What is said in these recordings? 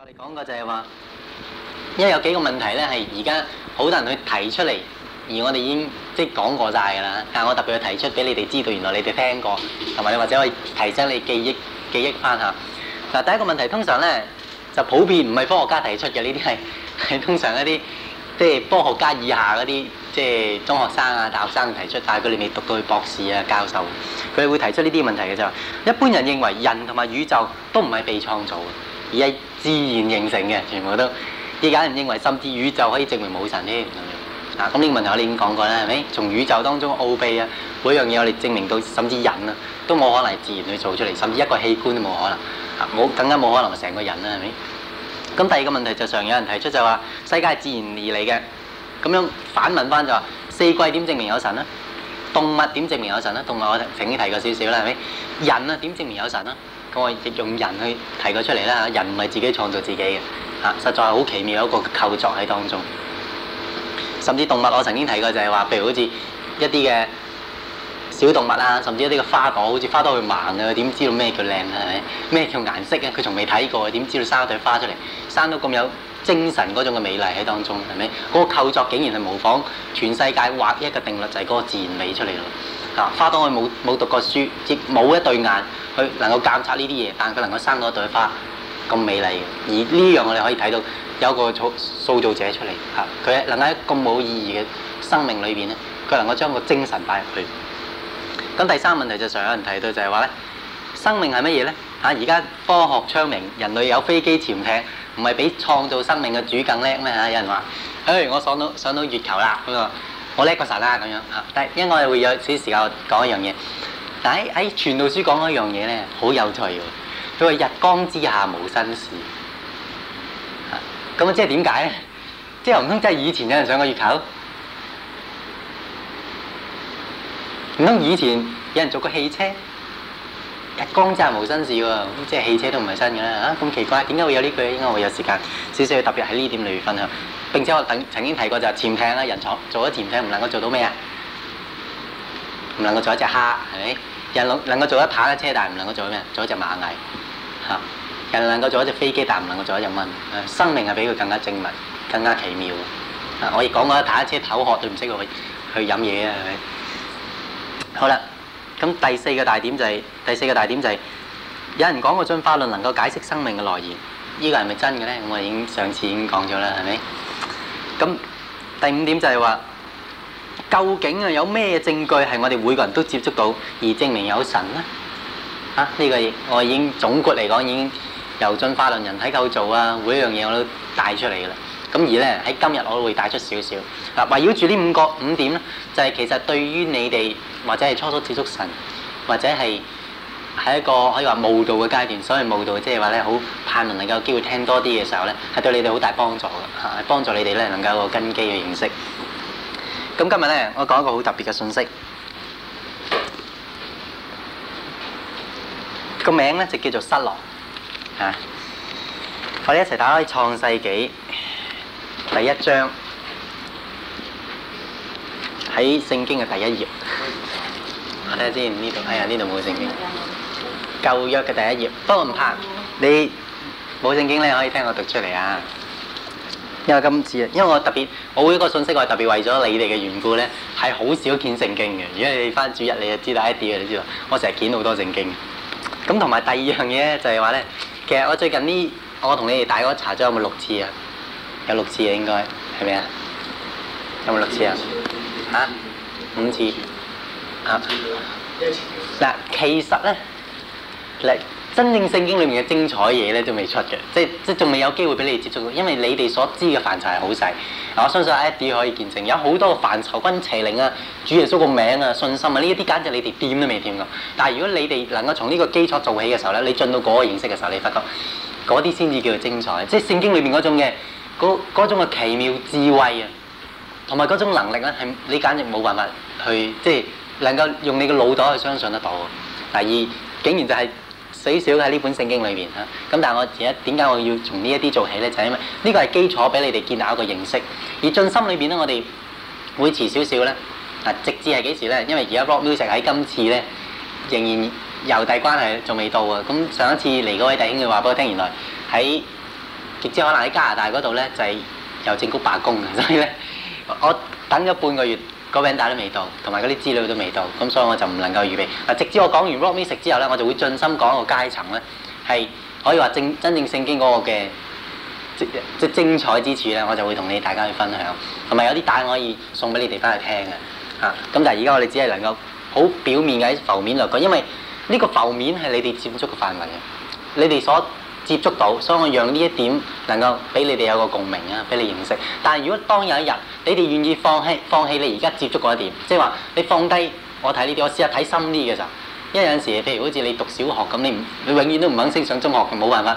我哋講過就係話，因為有幾個問題咧係而家好多人去提出嚟，而我哋已經即係講過晒噶啦。但係我特別去提出俾你哋知道，原來你哋聽過，同埋你或者可以提醒你記憶記憶翻下。嗱，第一個問題通常咧就普遍唔係科學家提出嘅，呢啲係係通常一啲即係科學家以下嗰啲即係中學生啊、大學生提出，但係佢哋未讀到去博士啊、教授，佢哋會提出呢啲問題嘅就係。一般人認為人同埋宇宙都唔係被創造。而係自然形成嘅，全部都依家人認為，甚至宇宙可以證明冇神添。啊，咁呢個問題我哋已經講過啦，係咪？從宇宙當中奧秘啊，每樣嘢我哋證明到，甚至人啊，都冇可能係自然去做出嚟，甚至一個器官都冇可能。啊，我更加冇可能成個人啦，係咪？咁第二個問題就是、常有人提出就話、是，世界係自然而嚟嘅，咁樣反問翻就話、是，四季點證明有神呢？動物點證明有神呢？動物我曾經提過少少啦，係咪？人啊，點證明有神呢？亦用人去提佢出嚟啦吓，人唔係自己創造自己嘅吓，實在係好奇妙一個構作喺當中。甚至動物，我曾經睇過就係話，譬如好似一啲嘅小動物啊，甚至一啲嘅花朵，好似花朵會盲啊，點知道咩叫靚啊，係咪咩叫顏色啊？佢從未睇過，點知道生一對花出嚟，生到咁有精神嗰種嘅美麗喺當中係咪？嗰、那個構作竟然係模仿全世界畫一個定律，就係、是、嗰個自然美出嚟咯。啊、花當佢冇冇讀過書，亦冇一對眼，佢能夠鑑察呢啲嘢，但佢能夠生到一朵花咁美麗嘅。而呢樣我哋可以睇到有個塑，塑造者出嚟嚇，佢、啊、能，能夠喺咁冇意義嘅生命裏邊咧，佢能夠將個精神帶入去。咁第三問題就常有人提到就係話咧，生命係乜嘢咧？嚇、啊！而家科學昌明，人類有飛機潛艇，唔係比創造生命嘅主更叻咩嚇？有人話：哎、欸，我上到上到月球啦！佢、啊、話。啊我叻過曬啦，咁樣啊，樣但係因為我哋會有少少時間講一樣嘢，但係喺傳道書講一樣嘢咧，好有趣嘅。佢話日光之下無新事，嚇咁啊！即係點解啊？即係唔通即係以前有人上過月球？唔通以前有人做過汽車？光真係冇新事喎，即係汽車都唔係新嘅啦。嚇、啊、咁奇怪，點解會有呢句？應該會有時間少少要特別喺呢點嚟分享。並且我曾曾經提過就係潛艇啦，人坐做咗潛艇唔能夠做到咩啊？唔能夠做一隻蝦，係咪？人能能夠做一匹嘅車，但係唔能夠做咩？做一隻螞蟻嚇、啊。人能夠做一隻飛機，但係唔能夠做一隻蚊、啊。生命係比佢更加精密、更加奇妙。嗱、啊，我亦講過一匹嘅車唞渴都唔識去去飲嘢啊。好啦。咁第四個大點就係、是、第四個大點就係、是、有人講過進化論能夠解釋生命嘅來源，呢個係咪真嘅呢？我已經上次已經講咗啦，係咪？咁第五點就係話，究竟啊有咩證據係我哋每個人都接觸到而證明有神呢？嚇、啊、呢、這個我已經總括嚟講已經由進化論、人體構造啊，每一樣嘢我都帶出嚟嘅啦。咁而咧喺今日，我會帶出少少嗱，圍繞住呢五個五點咧，就係、是、其實對於你哋或者係初初接觸神，或者係喺一個可以話慕道嘅階段，所謂慕道即係話咧好盼望能夠機會聽多啲嘅時候咧，係對你哋好大幫助嘅嚇，幫助你哋咧能夠有個根基嘅認識。咁、嗯、今日咧，我講一個好特別嘅信息，這個名咧就叫做失落嚇、啊。我哋一齊打開創世記。第一章喺聖經嘅第一頁，睇下先呢度，哎呀呢度冇聖經，舊約嘅第一頁。不過唔怕，你冇聖經咧可以聽我讀出嚟啊。因為今次啊，因為我特別，我會一個信息，我特別為咗你哋嘅緣故咧，係好少見聖經嘅。如果你哋翻主日，你就知道一啲啊，你知道，你知道。我成日見好多聖經。咁同埋第二樣嘢咧，就係話咧，其實我最近呢，我同你哋打嗰個查咗有冇六次啊？應該有六次啊，應該係咪啊？有冇六次啊？嚇？五次啊？嗱，其實咧，嚟真正聖經裏面嘅精彩嘢咧都未出嘅，即即仲未有機會俾你哋接觸到，因為你哋所知嘅範疇係好細。我相信阿 Edie 可以見證，有好多範疇，趕邪靈啊，主耶穌個名啊，信心啊，呢一啲簡直你哋掂都未掂過。但係如果你哋能夠從呢個基礎做起嘅時候咧，你進到嗰個認識嘅時候，你發覺嗰啲先至叫做精彩，即係聖經裏面嗰種嘅。嗰種嘅奇妙智慧啊，同埋嗰種能力咧，係你簡直冇辦法去即係、就是、能夠用你嘅腦袋去相信得到。第二，竟然就係死少喺呢本聖經裏面嚇。咁但係我而家點解我要從呢一啲做起咧？就係、是、因為呢個係基礎，俾你哋建立一個認識。而進心裏邊咧，我哋會遲少少咧。啊，直至係幾時咧？因為而家 Rock Music 喺今次咧，仍然郵遞關係仲未到啊。咁上一次嚟嗰位弟兄嘅話俾我聽，原來喺直至可能喺加拿大嗰度呢，就係郵政局罷工，所以呢，我等咗半個月，嗰、那、餅、個、帶都未到，同埋嗰啲資料都未到，咁所以我就唔能夠預備。嗱，直至我講完 Rock Music 之後呢，我就會盡心講個階層呢，係可以話正真正聖經嗰個嘅即即精彩之處呢，我就會同你大家去分享，同埋有啲帶可以送俾你哋翻去聽嘅嚇。咁但係而家我哋只係能夠好表面嘅喺浮面度講，因為呢個浮面係你哋接觸嘅範圍，你哋所接觸到，所以我讓呢一點能夠俾你哋有個共鳴啊，俾你認識。但係如果當有一日你哋願意放棄放棄你而家接觸嗰一點，即係話你放低我睇呢啲，我試下睇深啲嘅時候，因為有陣時譬如好似你讀小學咁，你你永遠都唔肯升上中學嘅，冇辦法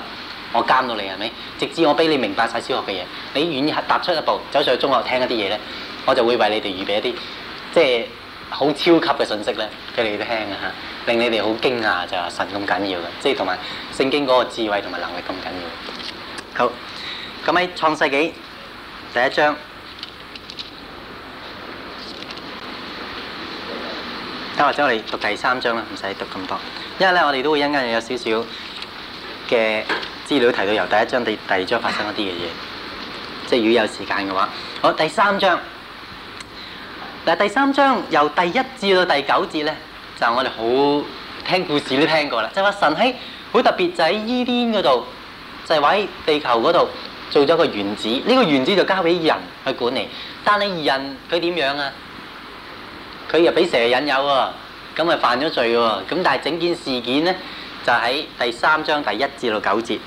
我監到你係咪？直至我俾你明白晒小學嘅嘢，你願意踏出一步走上去中學聽一啲嘢咧，我就會為你哋預備一啲即係。好超級嘅信息咧，俾你哋聽啊嚇，令你哋好驚訝就話神咁緊要嘅，即係同埋聖經嗰個智慧同埋能力咁緊要。好，咁喺創世紀第一章，啊或者我哋讀第三章啦，唔使讀咁多，因為咧我哋都會一間有少少嘅資料提到由第一章第第二章發生一啲嘅嘢，即係如果有時間嘅話，好第三章。嗱，第三章由第一至到第九節咧，就我哋好聽故事都聽過啦，就話神喺好特別就喺伊甸嗰度，就係喺地球嗰度做咗個園子，呢、這個園子就交俾人去管理，但係人佢點樣啊？佢又俾蛇引誘喎，咁咪犯咗罪喎、啊，咁但係整件事件咧就喺第三章第一至到九節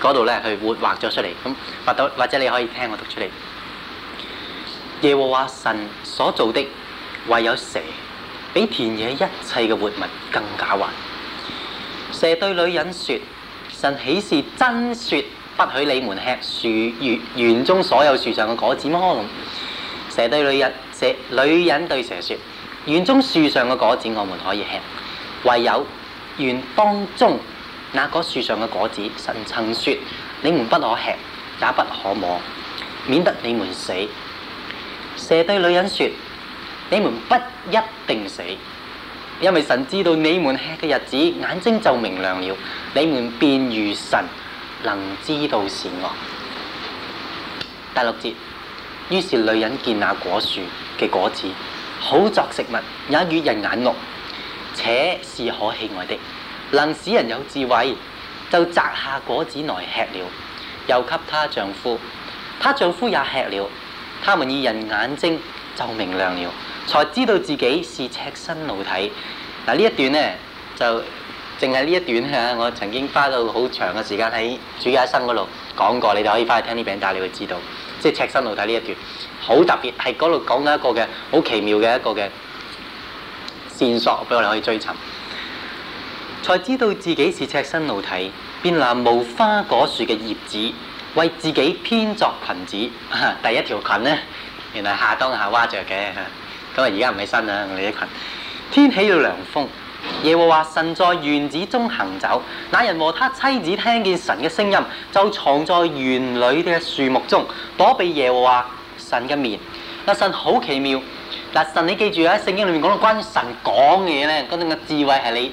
嗰度咧去活畫咗出嚟，咁或者或者你可以聽我讀出嚟。耶和華神所造的，唯有蛇，比田野一切嘅活物更狡猾。蛇對女人說：神豈是真說不許你們吃樹園園中所有樹上嘅果子麼？蛇對女人，蛇女人對蛇說：園中樹上嘅果子我們可以吃，唯有園當中那棵樹上嘅果子，神曾說你們不可吃，也不可摸，免得你們死。蛇對女人説：你們不一定死，因為神知道你們吃嘅日子，眼睛就明亮了。你們便如神，能知道善惡。第六節，於是女人見那果樹嘅果子好作食物，也悦人眼目，且是可喜愛的，能使人有智慧，就摘下果子來吃了，又給她丈夫，她丈夫也吃了。他們二人眼睛就明亮了，才知道自己是赤身露體。嗱、啊，呢一段呢，就淨係呢一段啊！我曾經花到好長嘅時間喺主家生嗰度講過，你哋可以翻去聽啲餅帶，你會知道即係赤身露體呢一段好特別，係嗰度講緊一個嘅好奇妙嘅一個嘅線索俾我哋可以追尋。才知道自己是赤身露體，變藍無花果樹嘅葉子。為自己編作裙子，第一條裙咧，原來亞當夏娃着嘅，咁啊而家唔起身啦，我哋啲裙。天起了涼風，耶和華神在園子中行走，那人和他妻子聽見神嘅聲音，就藏在園裏嘅樹木中，躲避耶和華神嘅面。嗱、啊、神好奇妙，嗱、啊、神你記住喺聖經裏面講到關於神講嘅嘢咧，嗰陣嘅智慧係你。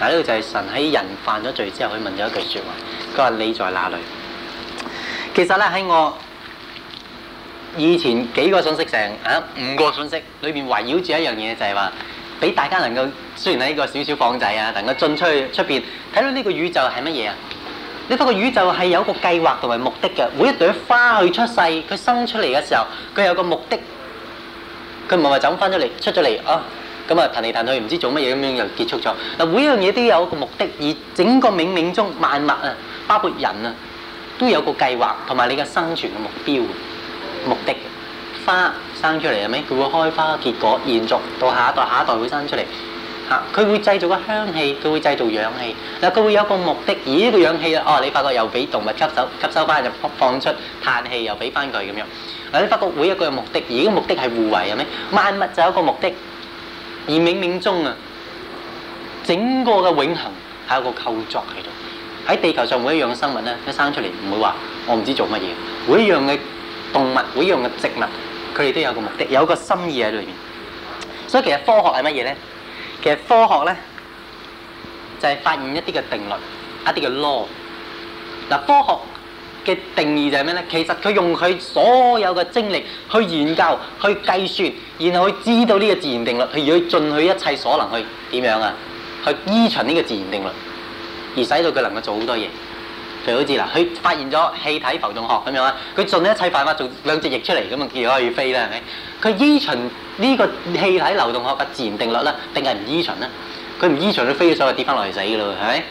嗱，呢度就係神喺人犯咗罪之後，佢問咗一句説話，佢話：你在哪裏？其實咧喺我以前幾個信息上，啊五個信息裏面圍繞住一樣嘢，就係話俾大家能夠雖然喺個小小房仔啊，能夠進出去出邊睇到呢個宇宙係乜嘢啊？你、這、睇個宇宙係有個計劃同埋目的嘅，每一朵花去出世，佢生出嚟嘅時候，佢有個目的，佢唔係話就咁翻出嚟，出咗嚟啊！咁啊，騰嚟騰去，唔知做乜嘢，咁樣又結束咗。嗱，每一樣嘢都有一個目的，而整個冥冥中萬物啊，包括人啊，都有個計劃，同埋你嘅生存嘅目標、目的。花生出嚟係咪？佢會開花結果，延續到下一代，下一代會生出嚟。嚇、啊，佢會製造個香氣，佢會製造氧氣。嗱，佢會有個目的。而呢個氧氣哦、啊，你發覺又俾動物吸收，吸收翻就放出，嘆氣又俾翻佢咁樣。嗱、啊，你發覺每一個有目的，而個目的係互惠係咪？萬物就有一個目的。而冥冥中啊，整個嘅永恆係一個構作喺度。喺地球上每一樣嘅生物呢，佢生出嚟唔會話我唔知做乜嘢。每一樣嘅動物，每一樣嘅植物，佢哋都有個目的，有一個心意喺裏面。所以其實科學係乜嘢呢？其實科學咧就係發現一啲嘅定律，一啲嘅 law。嗱，科學嘅定義就係咩咧？其實佢用佢所有嘅精力去研究、去計算，然後去知道呢個自然定律，佢而去盡佢一切所能去點樣啊？去依循呢個自然定律，而使到佢能夠做好多嘢。就好似嗱，佢發現咗氣體浮動學咁樣啊，佢盡一切辦法做兩隻翼出嚟咁啊，自然可以飛啦，係咪？佢依循呢個氣體流動學嘅自然定律咧，定係唔依循咧？佢唔依循佢飛咗上去跌翻落嚟死㗎咯，係咪？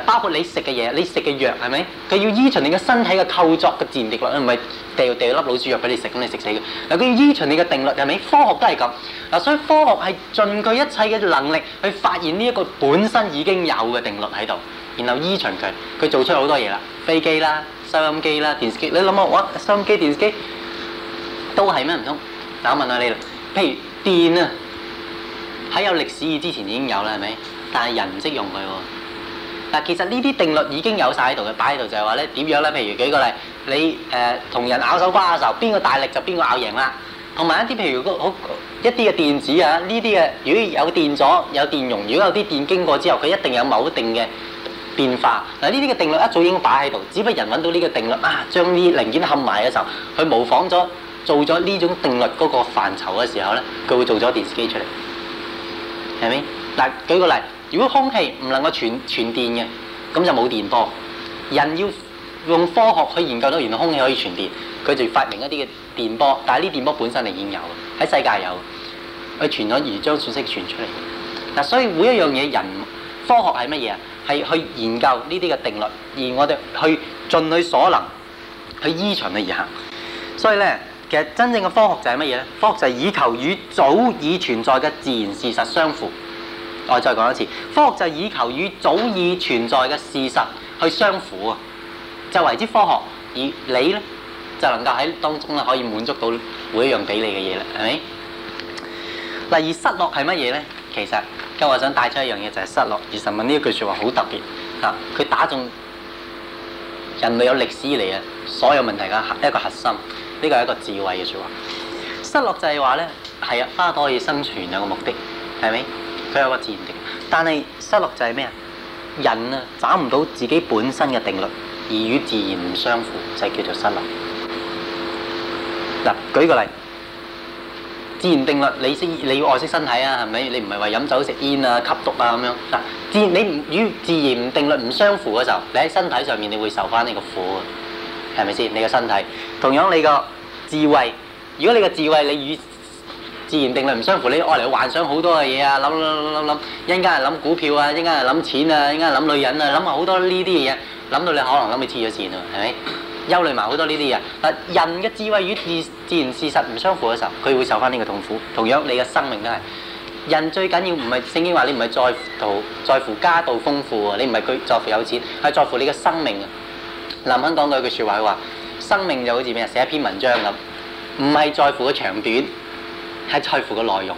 包括你食嘅嘢，你食嘅藥係咪？佢要依循你嘅身體嘅構作嘅自然定律，唔係掉掉粒老鼠藥俾你食，咁你食死嘅。嗱，佢要依循你嘅定律係咪？科學都係咁。嗱，所以科學係盡佢一切嘅能力去發現呢一個本身已經有嘅定律喺度，然後依循佢，佢做出好多嘢啦，飛機啦、收音機啦、電視機。你諗下，我收音機、電視機都係咩唔通？嗱，我問下你，譬如電啊，喺有歷史之前已經有啦，係咪？但係人唔識用佢喎。嗱，其實呢啲定律已經有晒喺度嘅，擺喺度就係話咧點樣咧？譬如舉個例，你誒、呃、同人拗手瓜嘅時候，邊個大力就邊個拗贏啦。同埋一啲譬如個好一啲嘅電子啊，呢啲嘅如果有電阻、有電容，如果有啲電經過之後，佢一定有某一定嘅變化。嗱、啊，呢啲嘅定律一早已經擺喺度，只不過人揾到呢個定律啊，將呢零件合埋嘅時候，佢模仿咗做咗呢種定律嗰個範疇嘅時候咧，佢會做咗電視機出嚟，係咪？嗱、啊，舉個例。如果空氣唔能夠傳傳電嘅，咁就冇電波。人要用科學去研究到原來空氣可以傳電，佢就發明一啲嘅電波。但係呢電波本身已經有，喺世界有，佢傳咗而將信息傳出嚟。嗱、啊，所以每一樣嘢，人科學係乜嘢啊？係去研究呢啲嘅定律，而我哋去盡佢所能去依循佢而行。所以咧，其實真正嘅科學就係乜嘢咧？科學就係以求與早已存在嘅自然事實相符。我再講一次，科學就係以求與早已存在嘅事實去相符啊，就為之科學。而你咧，就能夠喺當中咧可以滿足到每一樣俾你嘅嘢啦，係咪？嗱，而失落係乜嘢咧？其實今日我想帶出一樣嘢就係、係、失落。而神問呢一句説話好特別嚇，佢打中人類有歷史嚟嘅所有問題嘅一個核心。呢、呢個係一個智慧嘅説話。失落就係話咧，係啊，花可以生存兩個目的，係咪？佢有個自然定律，但係失落就係咩啊？人啊，找唔到自己本身嘅定律，而與自然唔相符，就係叫做失落。嗱、啊，舉個例，自然定律，你識你要愛惜身體啊，係咪？你唔係話飲酒食煙啊、吸毒啊咁樣，嗱、啊，自你唔與自然定律唔相符嘅時候，你喺身體上面你會受翻呢個苦嘅、啊，係咪先？你個身體同樣你個智慧，如果你個智慧你與自然定律唔相符你，你愛嚟幻想好多嘅嘢啊！諗諗諗諗諗，一陣間係諗股票啊，一陣間係諗錢啊，一陣間係諗女人啊，諗下好多呢啲嘅嘢，諗到你可能諗佢黐咗線啊，係咪？憂慮埋好多呢啲嘢。嗱，人嘅智慧與自自然事實唔相符嘅時候，佢會受翻呢個痛苦。同樣，你嘅生命都係。人最緊要唔係聖經話你唔係在乎在乎家道豐富啊，你唔係佢在乎有錢，係在乎你嘅生命啊！林肯講過一句説話，佢話：生命就好似咩？寫一篇文章咁，唔係在乎個長短。係在，在乎嘅內容。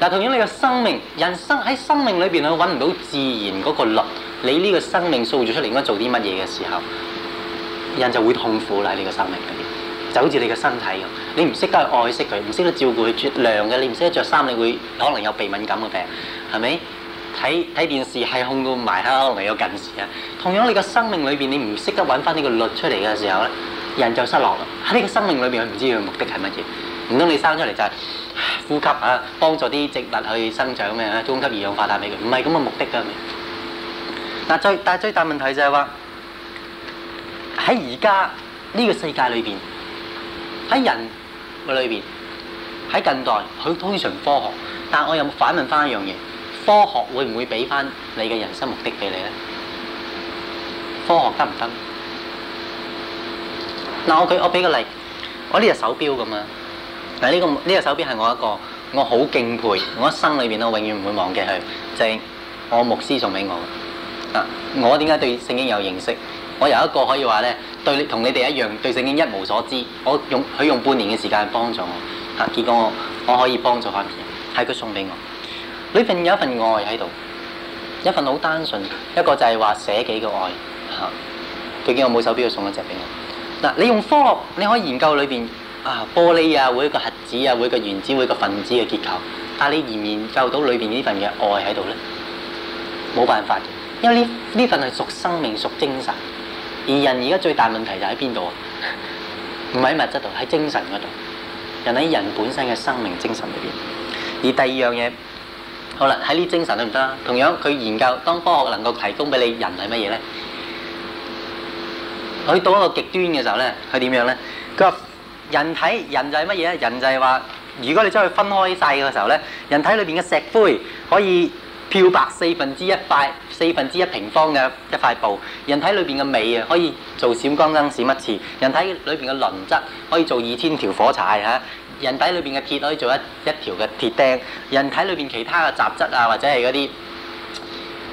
嗱，同樣你嘅生命、人生喺生命裏邊，佢揾唔到自然嗰個律，你呢個生命塑造出嚟應該做啲乜嘢嘅時候，人就會痛苦啦。喺呢個生命裏邊，就好似你嘅身體咁，你唔識得去愛惜佢，唔識得照顧佢，絕涼嘅你唔識得着衫，你會可能有鼻敏感嘅病，係咪？睇睇電視係控到埋，可能有近視啊。同樣你個生命裏邊，你唔識得揾翻呢個律出嚟嘅時候咧，人就失落啦。喺呢個生命裏邊，佢唔知佢目的係乜嘢。唔通你生出嚟就係呼吸啊，幫助啲植物去生長咩啊，供給二氧化碳俾佢？唔係咁嘅目的㗎。但最但係最大問題就係話喺而家呢個世界裏邊，喺人嘅裏邊，喺近代佢推崇科學，但我有冇反問翻一樣嘢：科學會唔會俾翻你嘅人生目的俾你咧？科學得唔得？嗱，我舉我俾個例，我呢隻手錶咁啊。嗱，呢個呢個手錶係我一個，我好敬佩，我一生裏邊我永遠唔會忘記佢，就係、是、我牧師送俾我。啊，我點解對聖經有認識？我有一個可以話咧，對同你哋一樣，對聖經一無所知，我用佢用半年嘅時間去幫助我，嚇，結果我，我可以幫助他人，係佢送俾我。裏邊有一份愛喺度，一份好單純，一個就係話捨己嘅愛。嚇、嗯，佢見我冇手錶，佢送一隻俾我。嗱，你用科學，你可以研究裏邊。啊！玻璃啊，會個核子啊，會個原子，會個分子嘅結構。但你研唔研究到裏邊呢份嘅愛喺度咧？冇辦法，因為呢呢份係屬生命、屬精神。而人而家最大問題就喺邊度啊？唔係喺物質度，喺精神嗰度，人喺人本身嘅生命精神裏邊。而第二樣嘢，好啦，喺呢精神得唔得啊？同樣佢研究，當科學能夠提供俾你人係乜嘢咧？去到一個極端嘅時候咧，佢點樣咧？人體人就係乜嘢咧？人就係話，如果你將佢分開晒嘅時候咧，人體裏邊嘅石灰可以漂白四分之一塊、四分之一平方嘅一塊布；人體裏邊嘅尾啊，可以做閃光燈閃一次；人體裏邊嘅磷質可以做二千條火柴嚇；人體裏邊嘅鐵可以做一一條嘅鐵釘；人體裏邊其他嘅雜質啊，或者係嗰啲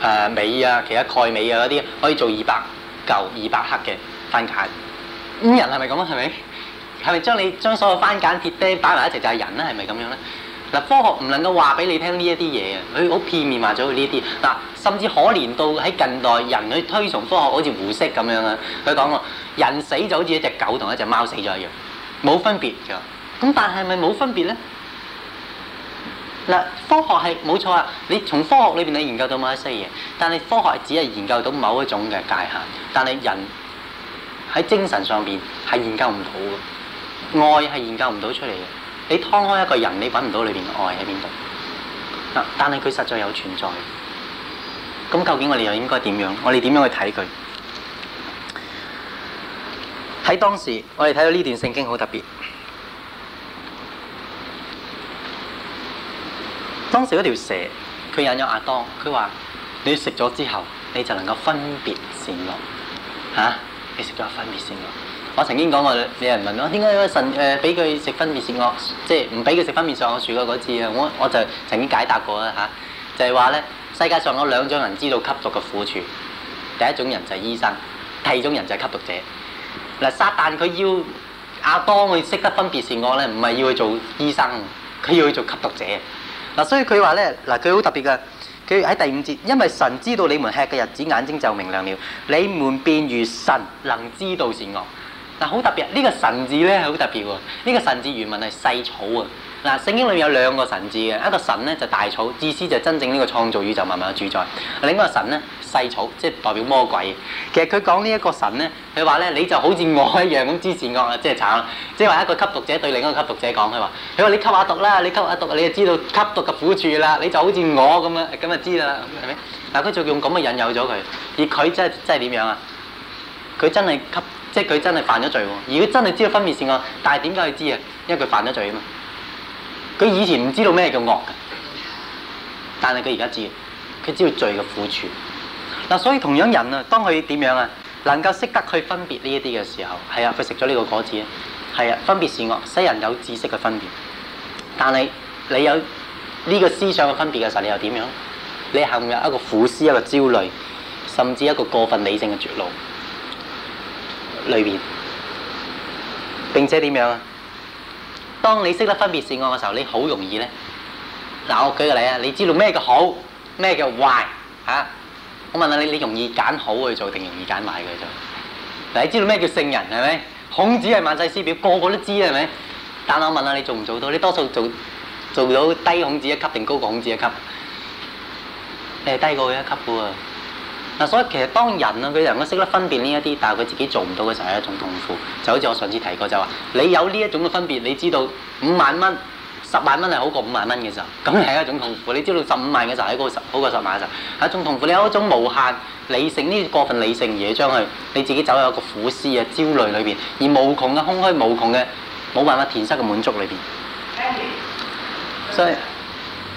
誒尾啊、其他鈣、尾啊嗰啲，可以做二百嚿、二百克嘅番茄。咁人係咪咁啊？係咪？係咪將你將所有番梘鐵釘擺埋一齊就係人咧？係咪咁樣咧？嗱，科學唔能夠話俾你聽呢一啲嘢嘅，佢好片面化咗佢呢啲。嗱，甚至可憐到喺近代人去推崇科學好似胡適咁樣啦。佢講話人死就好似一隻狗同一隻貓死咗一樣，冇分別嘅。咁但係咪冇分別咧？嗱，科學係冇錯啊。你從科學裏邊你研究到某一些嘢，但係科學只係研究到某一種嘅界限，但係人喺精神上邊係研究唔到嘅。愛係研究唔到出嚟嘅，你劏開一個人，你揾唔到裏邊嘅愛喺邊度？但係佢實在有存在。咁究竟我哋又應該點樣？我哋點樣去睇佢？喺當時，我哋睇到呢段聖經好特別。當時嗰條蛇，佢引咗阿當，佢話：你食咗之後，你就能夠分別善惡。嚇、啊？你食咗分別善惡？我曾經講過有人問我，點解神誒俾佢食分別善惡，即係唔俾佢食分別善惡？住過嗰次啊，我我就曾經解答過啦嚇、啊，就係話咧，世界上有兩種人知道吸毒嘅苦處，第一種人就係醫生，第二種人就係吸毒者。嗱、啊，撒旦佢要亞當去識得分別善惡咧，唔係要去做醫生，佢要去做吸毒者。嗱、啊，所以佢話咧，嗱，佢好特別嘅，佢喺第五節，因為神知道你們吃嘅日子，眼睛就明亮了，你們便如神能知道善惡。嗱，好、啊、特別，呢、這個神字咧係好特別喎、啊。呢、這個神字原文係細草啊。嗱、啊，聖經裏面有兩個神字嘅，一個神咧就是、大草，意思就真正呢個創造宇宙萬物嘅主宰。另一個神咧細草，即係代表魔鬼。其實佢講呢一個神咧，佢話咧你就好似我一樣咁知善惡，啊，即係慘，即係話一個吸毒者對另一個吸毒者講，佢話：佢話你吸下毒啦，你吸下毒，毒，你就知道吸毒嘅苦處啦，你就好似我咁啊，咁就知啦，係咪？嗱，佢就用咁嘅引誘咗佢，而佢真係真係點樣啊？佢真係吸。即係佢真係犯咗罪喎，而佢真係知道分別善惡，但係點解佢知啊？因為佢犯咗罪啊嘛。佢以前唔知道咩叫惡嘅，但係佢而家知，佢知道罪嘅苦處。嗱，所以同樣人啊，當佢點樣啊，能夠識得去分別呢一啲嘅時候，係啊，佢食咗呢個果子，係啊，分別善惡，世人有知識嘅分別。但係你有呢個思想嘅分別嘅時候，你又點樣？你陷入一個苦思、一個焦慮，甚至一個過分理性嘅絕路。裏邊，並且點樣啊？當你識得分別善惡嘅時候，你好容易咧。嗱，我舉個例啊，你知道咩叫好，咩叫壞嚇、啊？我問下你，你容易揀好去做定容易揀壞去做？嗱，你知道咩叫聖人係咪？孔子係萬世師表，個個都知係咪？但我問下你做唔做到？你多數做做到低孔子一級定高過孔子一級？你係低過佢一級喎。嗱，所以其實當人啊，佢能夠識得分辨呢一啲，但係佢自己做唔到嘅時候係一種痛苦。就好似我上次提過，就話你有呢一種嘅分別，你知道五萬蚊、十萬蚊係好過五萬蚊嘅時候，咁係一種痛苦。你知道十五萬嘅時候係好過十萬嘅時候係一種痛苦。你有一種無限理性、呢啲過分理性嘢，將佢你自己走入一個苦思啊、焦慮裏邊，而無窮嘅空虛、無窮嘅冇辦法填塞嘅滿足裏邊。所以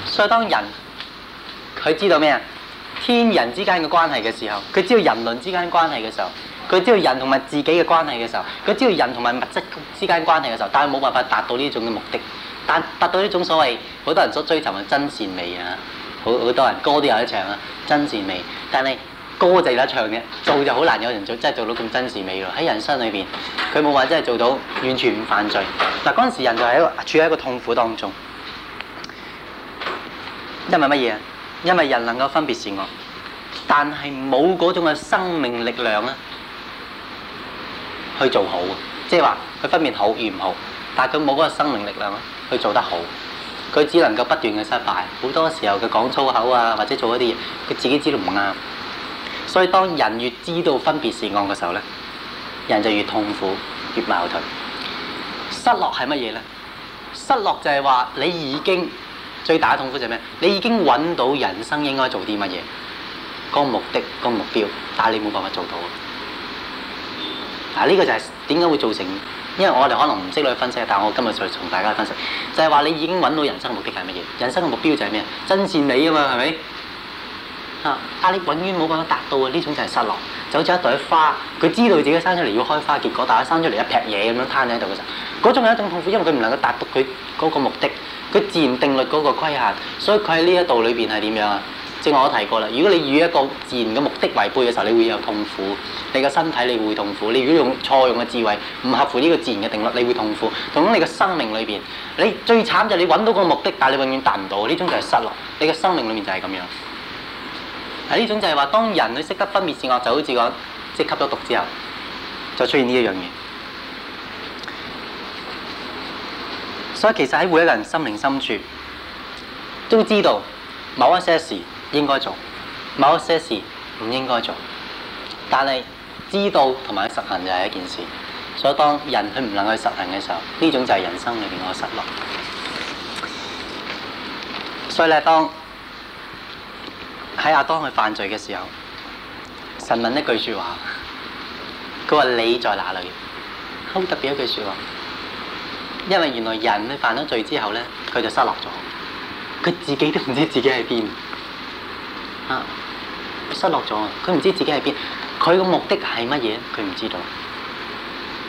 所以當人佢知道咩啊？天人之間嘅關係嘅時候，佢知道人倫之間關係嘅時候，佢知道人同埋自己嘅關係嘅時候，佢知道人同埋物質之間關係嘅時候，但係冇辦法達到呢種嘅目的，但達到呢種所謂好多人所追求嘅真善美啊，好好多人歌都有得唱啊，真善美，但係歌就有得唱嘅，做就好難有人做，真，真係做到咁真善美喎。喺人生裏邊，佢冇話真係做到完全唔犯罪，嗱嗰陣時人就喺住喺一個痛苦當中，因為乜嘢啊？因為人能夠分別善惡，但係冇嗰種嘅生命力量咧，去做好嘅，即係話佢分別好與唔好，但係佢冇嗰個生命力量去做得好，佢只能夠不斷嘅失敗。好多時候佢講粗口啊，或者做一啲嘢，佢自己知道唔啱。所以當人越知道分別善惡嘅時候咧，人就越痛苦、越矛盾。失落係乜嘢咧？失落就係話你已經。最大痛苦就係咩？你已經揾到人生應該做啲乜嘢，個目的、個目標，但係你冇辦法做到啊！嗱，呢個就係點解會造成？因為我哋可能唔識去分析，但我今日就同大家分析，就係話你已經揾到人生嘅目的係乜嘢？人生嘅目標就係咩？真善美啊嘛，係咪？啊！但你永遠冇辦法達到啊！呢種就係失落，就好似一朵花，佢知道自己生出嚟要開花，結果但係生出嚟一劈嘢咁樣攤喺度嘅時候，嗰種係一種痛苦，因為佢唔能夠達到佢嗰個目的，佢自然定律嗰個規限，所以佢喺呢一度裏邊係點樣啊？正話我提過啦，如果你與一個自然嘅目的違背嘅時候，你會有痛苦，你個身體你會痛苦。你如果用錯用嘅智慧，唔合乎呢個自然嘅定律，你會痛苦。同你個生命裏邊，你最慘就係你揾到個目的，但係你永遠達唔到，呢種就係失落。你嘅生命裏面就係咁樣。係呢種就係話，當人佢識得分別善惡，就好似講即係吸咗毒之後，就出現呢一樣嘢。所以其實喺每一個人心靈深處，都知道某一些事應該做，某一些事唔應該做。但係知道同埋去實行就係一件事。所以當人佢唔能夠實行嘅時候，呢種就係人生裏邊個失落。所以咧，當睇下當佢犯罪嘅時候，神問一句說話，佢話，你在哪裏？好特別一句說話，因為原來人佢犯咗罪之後咧，佢就失落咗，佢自己都唔知自己喺邊，啊，失落咗佢唔知自己喺邊，佢個目的係乜嘢？佢唔知道。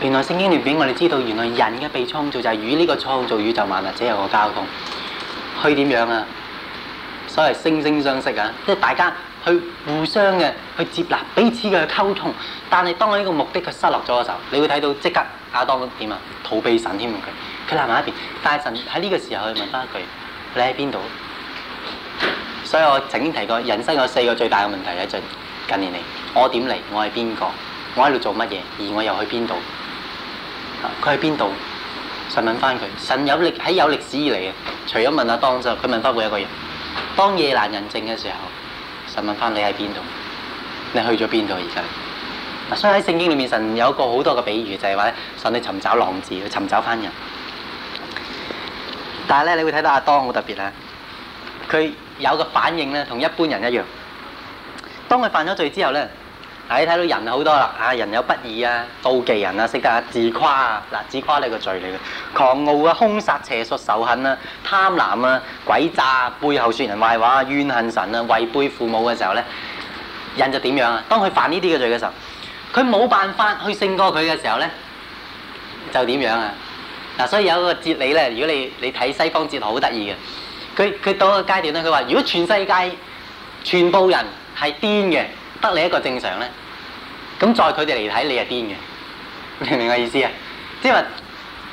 原來聖經裡邊，我哋知道原來人嘅被創造就係與呢個創造宇宙萬物者有個交通，佢點樣啊？所謂惺惺相惜啊！即係大家去互相嘅去接納彼此嘅溝通。但係當呢個目的佢失落咗嘅時候，你會睇到即刻阿當點啊？逃避神添佢，佢站喺一邊。但係神喺呢個時候去問翻佢：你喺邊度？所以我曾經提過人生有四個最大嘅問題咧，就近年嚟我點嚟？我喺邊個？我喺度做乜嘢？而我又去邊度？佢喺邊度？神問翻佢：神有歷喺有歷史以嚟啊，除咗問阿當之外，佢問翻每一個人。當夜難人靜嘅時候，神問翻你喺邊度？你去咗邊度？而家，所以喺聖經裏面，神有一個好多嘅比喻，就係話神去尋找浪子，去尋找翻人。但係咧，你會睇到阿當好特別啊！佢有個反應咧，同一般人一樣。當佢犯咗罪之後咧。唉，睇到人好多啦！啊，人有不義啊，妒忌人啊，識得自誇啊，嗱，自誇你個罪嚟嘅，狂傲啊，凶殺、邪術、仇恨啊，貪婪啊，鬼詐，背後説人壞話，怨恨神啊，違背父母嘅時候咧，人就點樣啊？當佢犯呢啲嘅罪嘅時候，佢冇辦法去勝過佢嘅時候咧，就點樣啊？嗱，所以有一個哲理咧，如果你你睇西方哲學好得意嘅，佢佢到一個階段咧，佢話如果全世界全部人係癲嘅。得你一個正常咧，咁在佢哋嚟睇你係癲嘅，你明唔明我意思啊？即係話，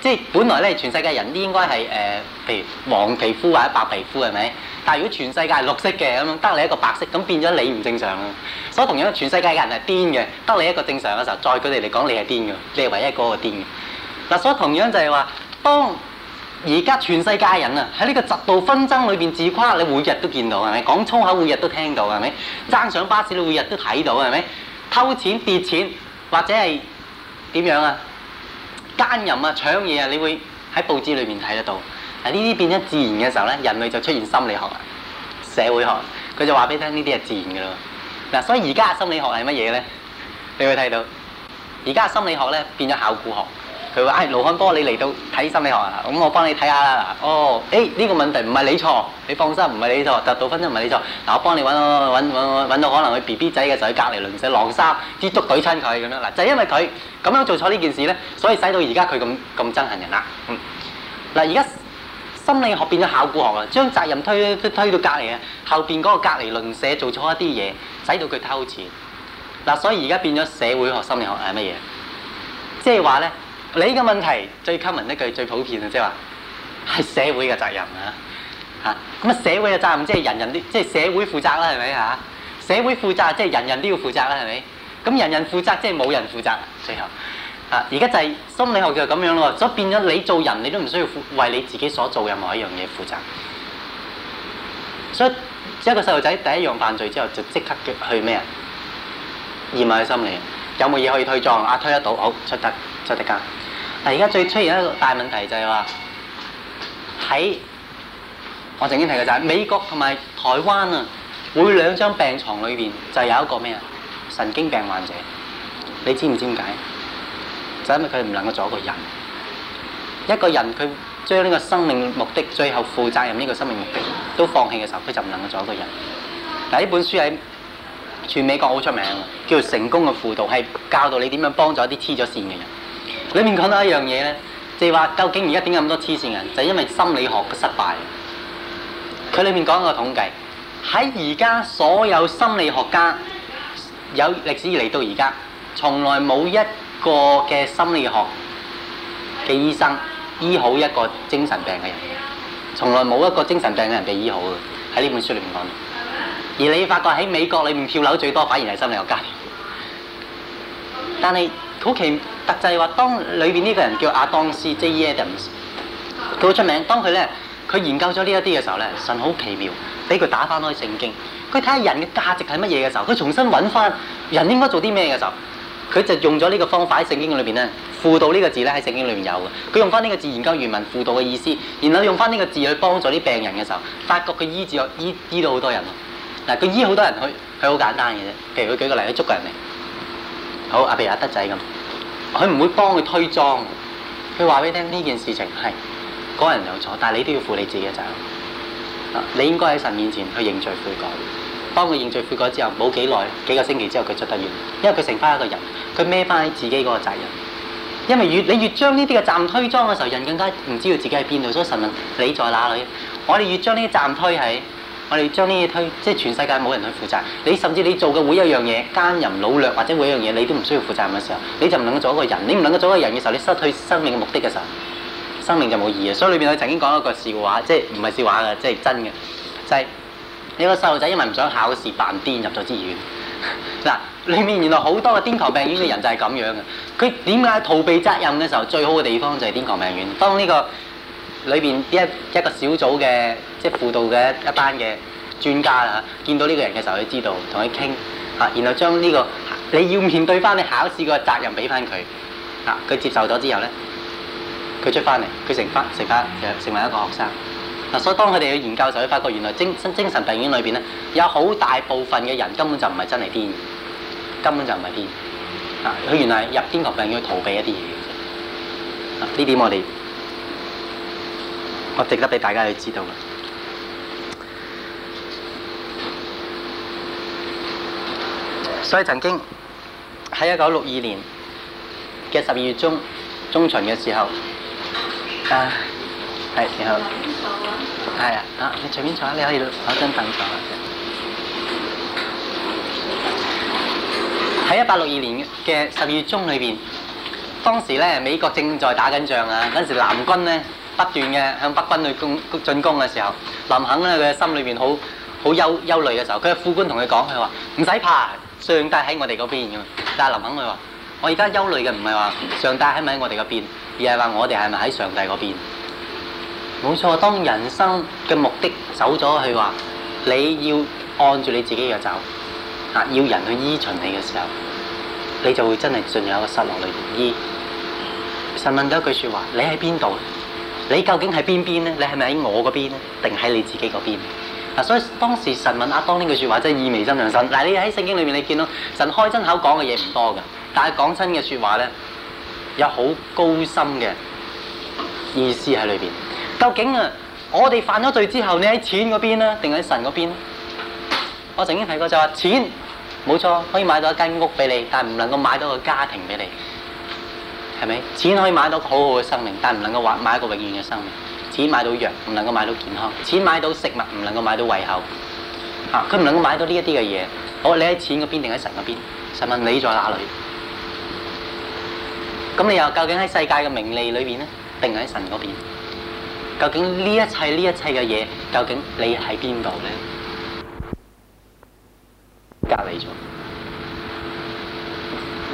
即係本來咧全世界人都應該係誒、呃，譬如黃皮膚或者白皮膚係咪？但係如果全世界係綠色嘅咁，得你一個白色，咁變咗你唔正常咯。所以同樣全世界嘅人係癲嘅，得你一個正常嘅時候，在佢哋嚟講你係癲嘅，你係唯一嗰個癲嘅。嗱，所以同樣就係話，當，而家全世界人啊，喺呢個嫉妒紛爭裏邊自誇，你每日都見到係咪？講粗口每日都聽到係咪？爭上巴士你每日都睇到係咪？偷錢、跌錢或者係點樣啊？奸淫啊、搶嘢啊，你會喺報紙裏面睇得到。嗱，呢啲變咗自然嘅時候咧，人類就出現心理學、社會學，佢就話俾你聽，呢啲係自然嘅咯。嗱，所以而家嘅心理學係乜嘢咧？你會睇到，而家嘅心理學咧變咗考古學。佢話：唉，盧漢波，你嚟到睇心理學啊？咁我幫你睇下啦。哦，誒、欸，呢、呢個問題唔係你錯，你放心，唔係你錯，就到分真唔係你錯。嗱，我幫你揾到可能佢 B B 仔嘅就喺隔離鄰舍晾衫，接足懟親佢咁樣。嗱，就是、因為佢咁樣做錯呢件事咧，所以使到而家佢咁咁憎恨人啊。嗱、嗯，而家心理學變咗考古學啊，將責任推推推到隔離啊，後邊嗰個隔離鄰舍做錯一啲嘢，使到佢偷錢。嗱，所以而家變咗社會學、心理學係乜嘢？即係話咧。你依個問題最 common 一句最普遍嘅，即係話係社會嘅責任啊嚇，咁啊社會嘅責任即係人人都即係社會負責啦，係咪嚇？社會負責即係人人都要負責啦，係咪？咁人人負責即係冇人負責最後啊！而家就係心理學、啊、就係咁樣咯。所以變咗你做人你都唔需要負為你自己所做任何一樣嘢負責。所以一個細路仔第一樣犯罪之後就即刻去咩啊？掩埋喺心理，有冇嘢可以推狀啊？推得到好出質。就係㗎。嗱，而家最出現一個大問題就係話，喺我曾經提過就係美國同埋台灣啊，每兩張病床裏邊就有一個咩啊？神經病患者。你知唔知點解？就因為佢哋唔能夠做一個人。一個人佢將呢個生命目的最後負責任呢個生命目的都放棄嘅時候，佢就唔能夠做一個人。嗱，呢本書喺全美國好出名，叫做《成功嘅輔導》，係教導你點樣幫助一啲黐咗線嘅人。裏面講到一樣嘢呢，即係話究竟而家點解咁多黐線人？就係因為心理學嘅失敗。佢裏面講一個統計，喺而家所有心理學家有歷史以嚟到而家，從來冇一個嘅心理學嘅醫生醫好一個精神病嘅人，從來冇一個精神病嘅人被醫好嘅。喺呢本書裏面講，而你發覺喺美國裏面跳樓最多，反而係心理學家，但係。好奇特制話，當裏邊呢個人叫亞當斯 （J. Adams），佢好出名。當佢咧，佢研究咗呢一啲嘅時候咧，神好奇妙，俾佢打翻開聖經。佢睇下人嘅價值係乜嘢嘅時候，佢重新揾翻人應該做啲咩嘅時候，佢就用咗呢個方法喺聖經裏邊咧，輔導呢個字咧喺聖經裏面有嘅。佢用翻呢個字研究原文輔導嘅意思，然後用翻呢個字去幫助啲病人嘅時候，發覺佢醫治我醫，醫到好多、多人。嗱，佢醫好多人，佢佢好簡單嘅啫。譬如佢舉個例，佢捉個人嚟，好，阿譬如阿德仔咁。佢唔會幫佢推裝，佢話俾你聽呢件事情係嗰個人有錯，但係你都要負你自己嘅責任。啊，你應該喺神面前去認罪悔改，幫佢認罪悔改之後，冇幾耐幾個星期之後佢出得嚟，因為佢承擔一個人，佢孭翻自己嗰個責任。因為越你越將呢啲嘅站推裝嘅時候，人更加唔知道自己喺邊度，所以神問你在哪裏？我哋越將呢啲站推喺。我哋將呢嘢推，即係全世界冇人去負責。你甚至你做嘅每一樣嘢，奸淫擄掠或者每一樣嘢，你都唔需要負責任嘅時候，你就唔能夠做一個人。你唔能夠做一個人嘅時候，你失去生命嘅目的嘅時候，生命就冇意義。所以裏面我曾經講一個笑話，即係唔係笑話嘅，即係真嘅，就係你個細路仔，因為唔想考試，扮癲入咗醫院。嗱，裏面原來好多嘅癲狂病院嘅人就係咁樣嘅。佢點解逃避責任嘅時候，最好嘅地方就係癲狂病院。當呢個裏邊一一個小組嘅即係輔導嘅一班嘅專家啦，見到呢個人嘅時候，佢知道同佢傾嚇，然後將呢、這個你要面對翻你考試個責任俾翻佢嚇，佢、啊、接受咗之後咧，佢出翻嚟，佢成翻成翻成成為一個學生。嗱、啊，所以當佢哋去研究嘅時候，佢發覺原來精精神病院裏邊咧，有好大部分嘅人根本就唔係真係癲，根本就唔係癲啊！佢原來入精神病院去逃避一啲嘢。啊，呢點我哋。我值得俾大家去知道嘅。所以曾經喺一九六二年嘅十二月中中旬嘅時候，啊，係然後係啊、哎，啊，你隨便坐啊，你可以攞張凳坐。喺一八六二年嘅十二月中裏邊，當時咧，美國正在打緊仗啊，嗰陣時南軍咧。不斷嘅向北軍去攻進攻嘅時候，林肯咧佢心裏邊好好憂憂慮嘅時候，佢嘅副官同佢講：佢話唔使怕，上帝喺我哋嗰邊。但係林肯佢話：我而家憂慮嘅唔係話上帝喺唔喺我哋嗰邊，而係話我哋係咪喺上帝嗰邊？冇錯，當人生嘅目的走咗，佢話你要按住你自己嘅走，啊要人去依循你嘅時候，你就會真係進入一個失落嘅境遇。神問到一句説話：你喺邊度？你究竟係邊邊咧？你係咪喺我嗰邊咧，定喺你自己嗰邊、啊？所以當時神問阿、啊、當呢句説話真意味深長。神，嗱、啊，你喺聖經裏面你見到神開真口講嘅嘢唔多嘅，但係講真嘅説話咧，有好高深嘅意思喺裏邊。究竟啊，我哋犯咗罪之後，你喺錢嗰邊咧，定喺神嗰邊咧？我曾經睇過就話錢，冇錯可以買到一間屋俾你，但係唔能夠買到個家庭俾你。係咪？錢可以買到好好嘅生命，但唔能夠買買一個永遠嘅生命。錢買到藥，唔能夠買到健康。錢買到食物，唔能夠買到胃口。啊，佢唔能夠買到呢一啲嘅嘢。好，你喺錢嗰邊定喺神嗰邊？神問你在哪裏？咁你又究竟喺世界嘅名利裏邊呢，定喺神嗰邊？究竟呢一切呢一切嘅嘢，究竟你喺邊度呢？隔離咗。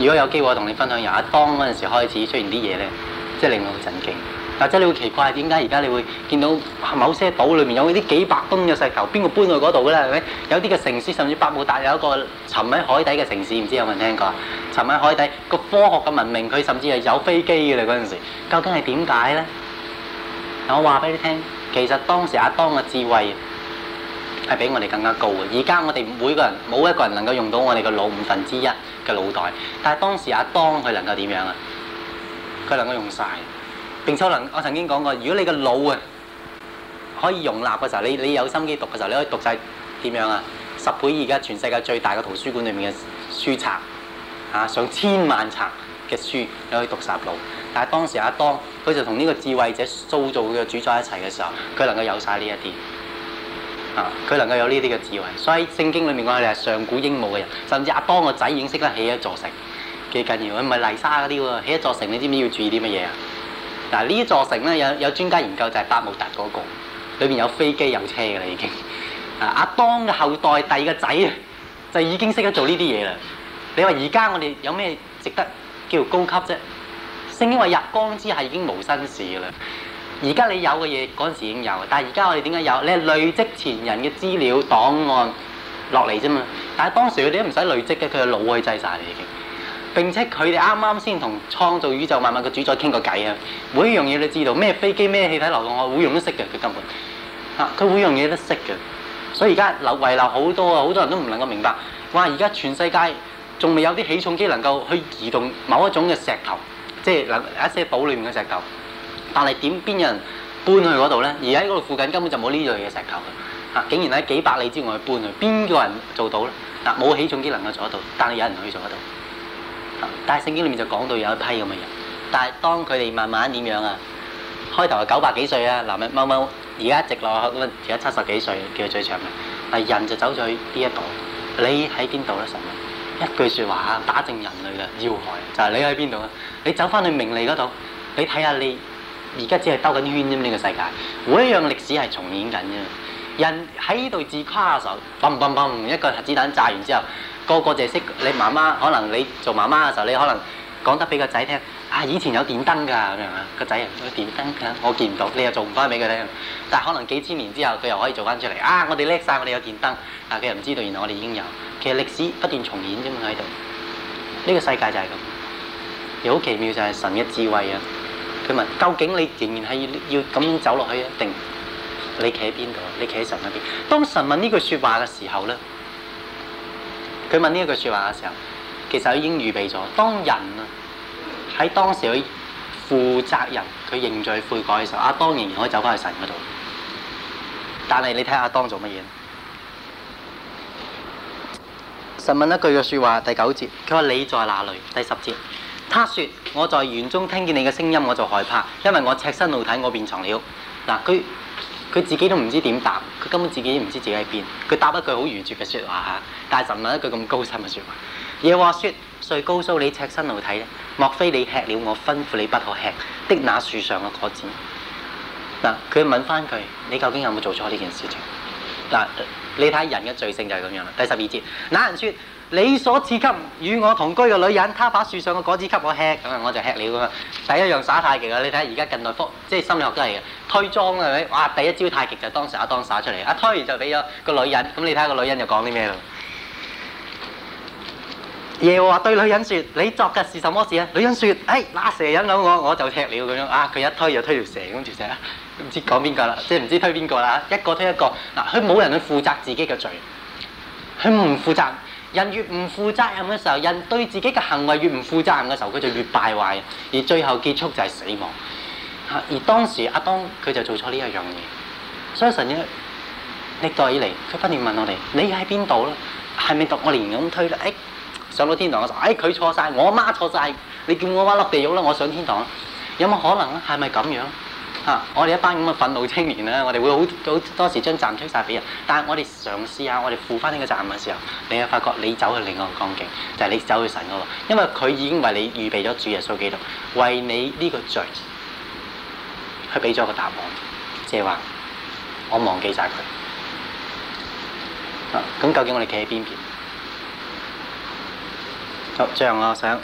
如果有機會，我同你分享由阿當嗰陣時開始出現啲嘢呢，即係令我好震驚。或者你會奇怪點解而家你會見到某些島裏面有啲幾百噸嘅石頭，邊個搬去嗰度呢？係咪？有啲嘅城市甚至百慕達有一個沉喺海底嘅城市，唔知有冇人聽過？沉喺海底個科學嘅文明，佢甚至係有飛機嘅啦！嗰陣時究竟係點解呢？我話俾你聽，其實當時阿當嘅智慧係比我哋更加高嘅。而家我哋每個人冇一個人能夠用到我哋嘅腦五分之一。嘅腦袋，但係當時阿當佢能夠點樣啊？佢能夠用晒。並且我曾我曾經講過，如果你個腦啊可以容納嘅時候，你你有心機讀嘅時候，你可以讀晒點樣啊？十倍而家全世界最大嘅圖書館裏面嘅書冊啊，上千萬冊嘅書，你可以讀晒腦。但係當時阿當佢就同呢個智慧者塑造嘅主宰一齊嘅時候，佢能夠有晒呢一啲。啊！佢能夠有呢啲嘅智慧，所以聖經裏面講佢係上古英武嘅人，甚至阿當個仔已經識得起一座城，幾緊要？唔係泥沙嗰啲喎，起一座城你知唔知要注意啲乜嘢啊？嗱，呢座城咧有有專家研究就係百慕達嗰個，裏邊有飛機，有車嘅啦已經。啊，阿當嘅後代第二個仔啊，就已經識得做呢啲嘢啦。你話而家我哋有咩值得叫做高級啫？聖經話日光之下已經無新事嘅啦。而家你有嘅嘢嗰陣時已經有，但係而家我哋點解有？你係累積前人嘅資料檔案落嚟啫嘛。但係當時佢哋都唔使累積嘅，佢嘅腦可制晒你嚟嘅。並且佢哋啱啱先同創造宇宙萬物嘅主宰傾過偈啊，每一樣嘢都知道，咩飛機咩氣體流動，我會用得識嘅。佢根本佢每樣嘢都識嘅。所以而家留遺留好多啊，好多人都唔能夠明白。哇！而家全世界仲未有啲起重機能夠去移動某一種嘅石頭，即係嗱一些堡裏面嘅石頭。但係點邊有人搬去嗰度咧？而喺嗰度附近根本就冇呢類嘢石頭嘅嚇、啊，竟然喺幾百里之外搬去，邊個人做到咧？嗱、啊，冇起重機能夠做得到，但係有人可以做得到。啊、但係聖經裏面就講到有一批咁嘅人，但係當佢哋慢慢點樣,樣啊？開頭係九百幾歲啊，男人踎踎，而家一直落去咁，而家七十幾歲叫最長嘅。但、啊、人就走咗去呢一度，你喺邊度咧神？一句説話嚇打正人類嘅要害，就係、是、你喺邊度啊？你走翻去名利嗰度，你睇下你。而家只係兜緊圈啫，呢個世界每一樣歷史係重演緊啫。人喺呢度自誇嘅時候，砰砰砰，一個核子彈炸完之後，個個就係識你媽媽。可能你做媽媽嘅時候，你可能講得俾個仔聽啊，以前有電燈㗎咁樣啊。個仔啊，有電燈㗎，我見唔到，你又做唔翻俾佢聽。但係可能幾千年之後，佢又可以做翻出嚟啊！我哋叻晒，我哋有電燈，但佢又唔知道原來我哋已經有。其實歷史不斷重演啫嘛喺度，呢個世界就係咁，又好奇妙就係神嘅智慧啊！佢問：究竟你仍然係要要咁樣走落去，一定你企喺邊度啊？你企喺神一邊。當神問呢句説話嘅時候咧，佢問呢一句説話嘅時候，其實佢已經預備咗。當人啊喺當時佢負責人，佢認罪悔改嘅時候，阿當仍然可以走翻去神嗰度。但係你睇下當做乜嘢？神問一句嘅説話第九節，佢話你在哪裏？第十節。他說：我在園中聽見你嘅聲音，我就害怕，因為我赤身露體，我便藏了。嗱，佢佢自己都唔知點答，佢根本自己唔知自己喺邊。佢答一句好愚拙嘅説話嚇，大神問一句咁高深嘅説話。耶華説：誰告訴你赤身露體，莫非你吃了我吩咐你不可吃的那樹上嘅果子？嗱，佢問翻佢：你究竟有冇做錯呢件事情？嗱，你睇人嘅罪性就係咁樣啦。第十二節，那人説。你所賜給與我同居嘅女人，她把樹上嘅果子給我吃，咁啊我就吃了咁啊。第一樣耍太極啦，你睇下而家近代科，即係心理學都係嘅，推莊啊，係咪？哇！第一招太極就當時啊，亞當耍出嚟啊，推就俾咗個女人。咁你睇下個女人就講啲咩咯？耶和華對女人説：你作嘅是什麼事啊？女人説：哎，那蛇引誘我，我就吃了咁樣。啊，佢一推就推條蛇，咁條蛇啊，唔知講邊個啦，即係唔知推邊個啦。一個推一個，嗱，佢冇人去負責自己嘅罪，佢唔負責。人越唔負責任嘅時候，人對自己嘅行為越唔負責任嘅時候，佢就越敗壞，而最後結束就係死亡啊。而當時阿當佢就做錯呢一樣嘢，所以神呢，歷代以嚟，佢不斷問我哋：你喺邊度啦？係咪讀我連咁推啦？誒、哎、上到天堂嘅時候，誒、哎、佢錯晒，我阿媽錯晒。你叫我媽落地獄啦，我上天堂有冇可能啊？係咪咁樣？啊！我哋一班咁嘅憤怒青年咧，我哋會好好多時將責任推曬俾人，但係我哋嘗試下，我哋負翻呢個責任嘅時候，你就發覺你走去另外一個光景，就係你走去神嗰度，因為佢已經為你預備咗主耶穌基督，為你呢個罪，佢俾咗一個答案，即係話我忘記晒佢。咁究竟我哋企喺邊邊？好，最後我想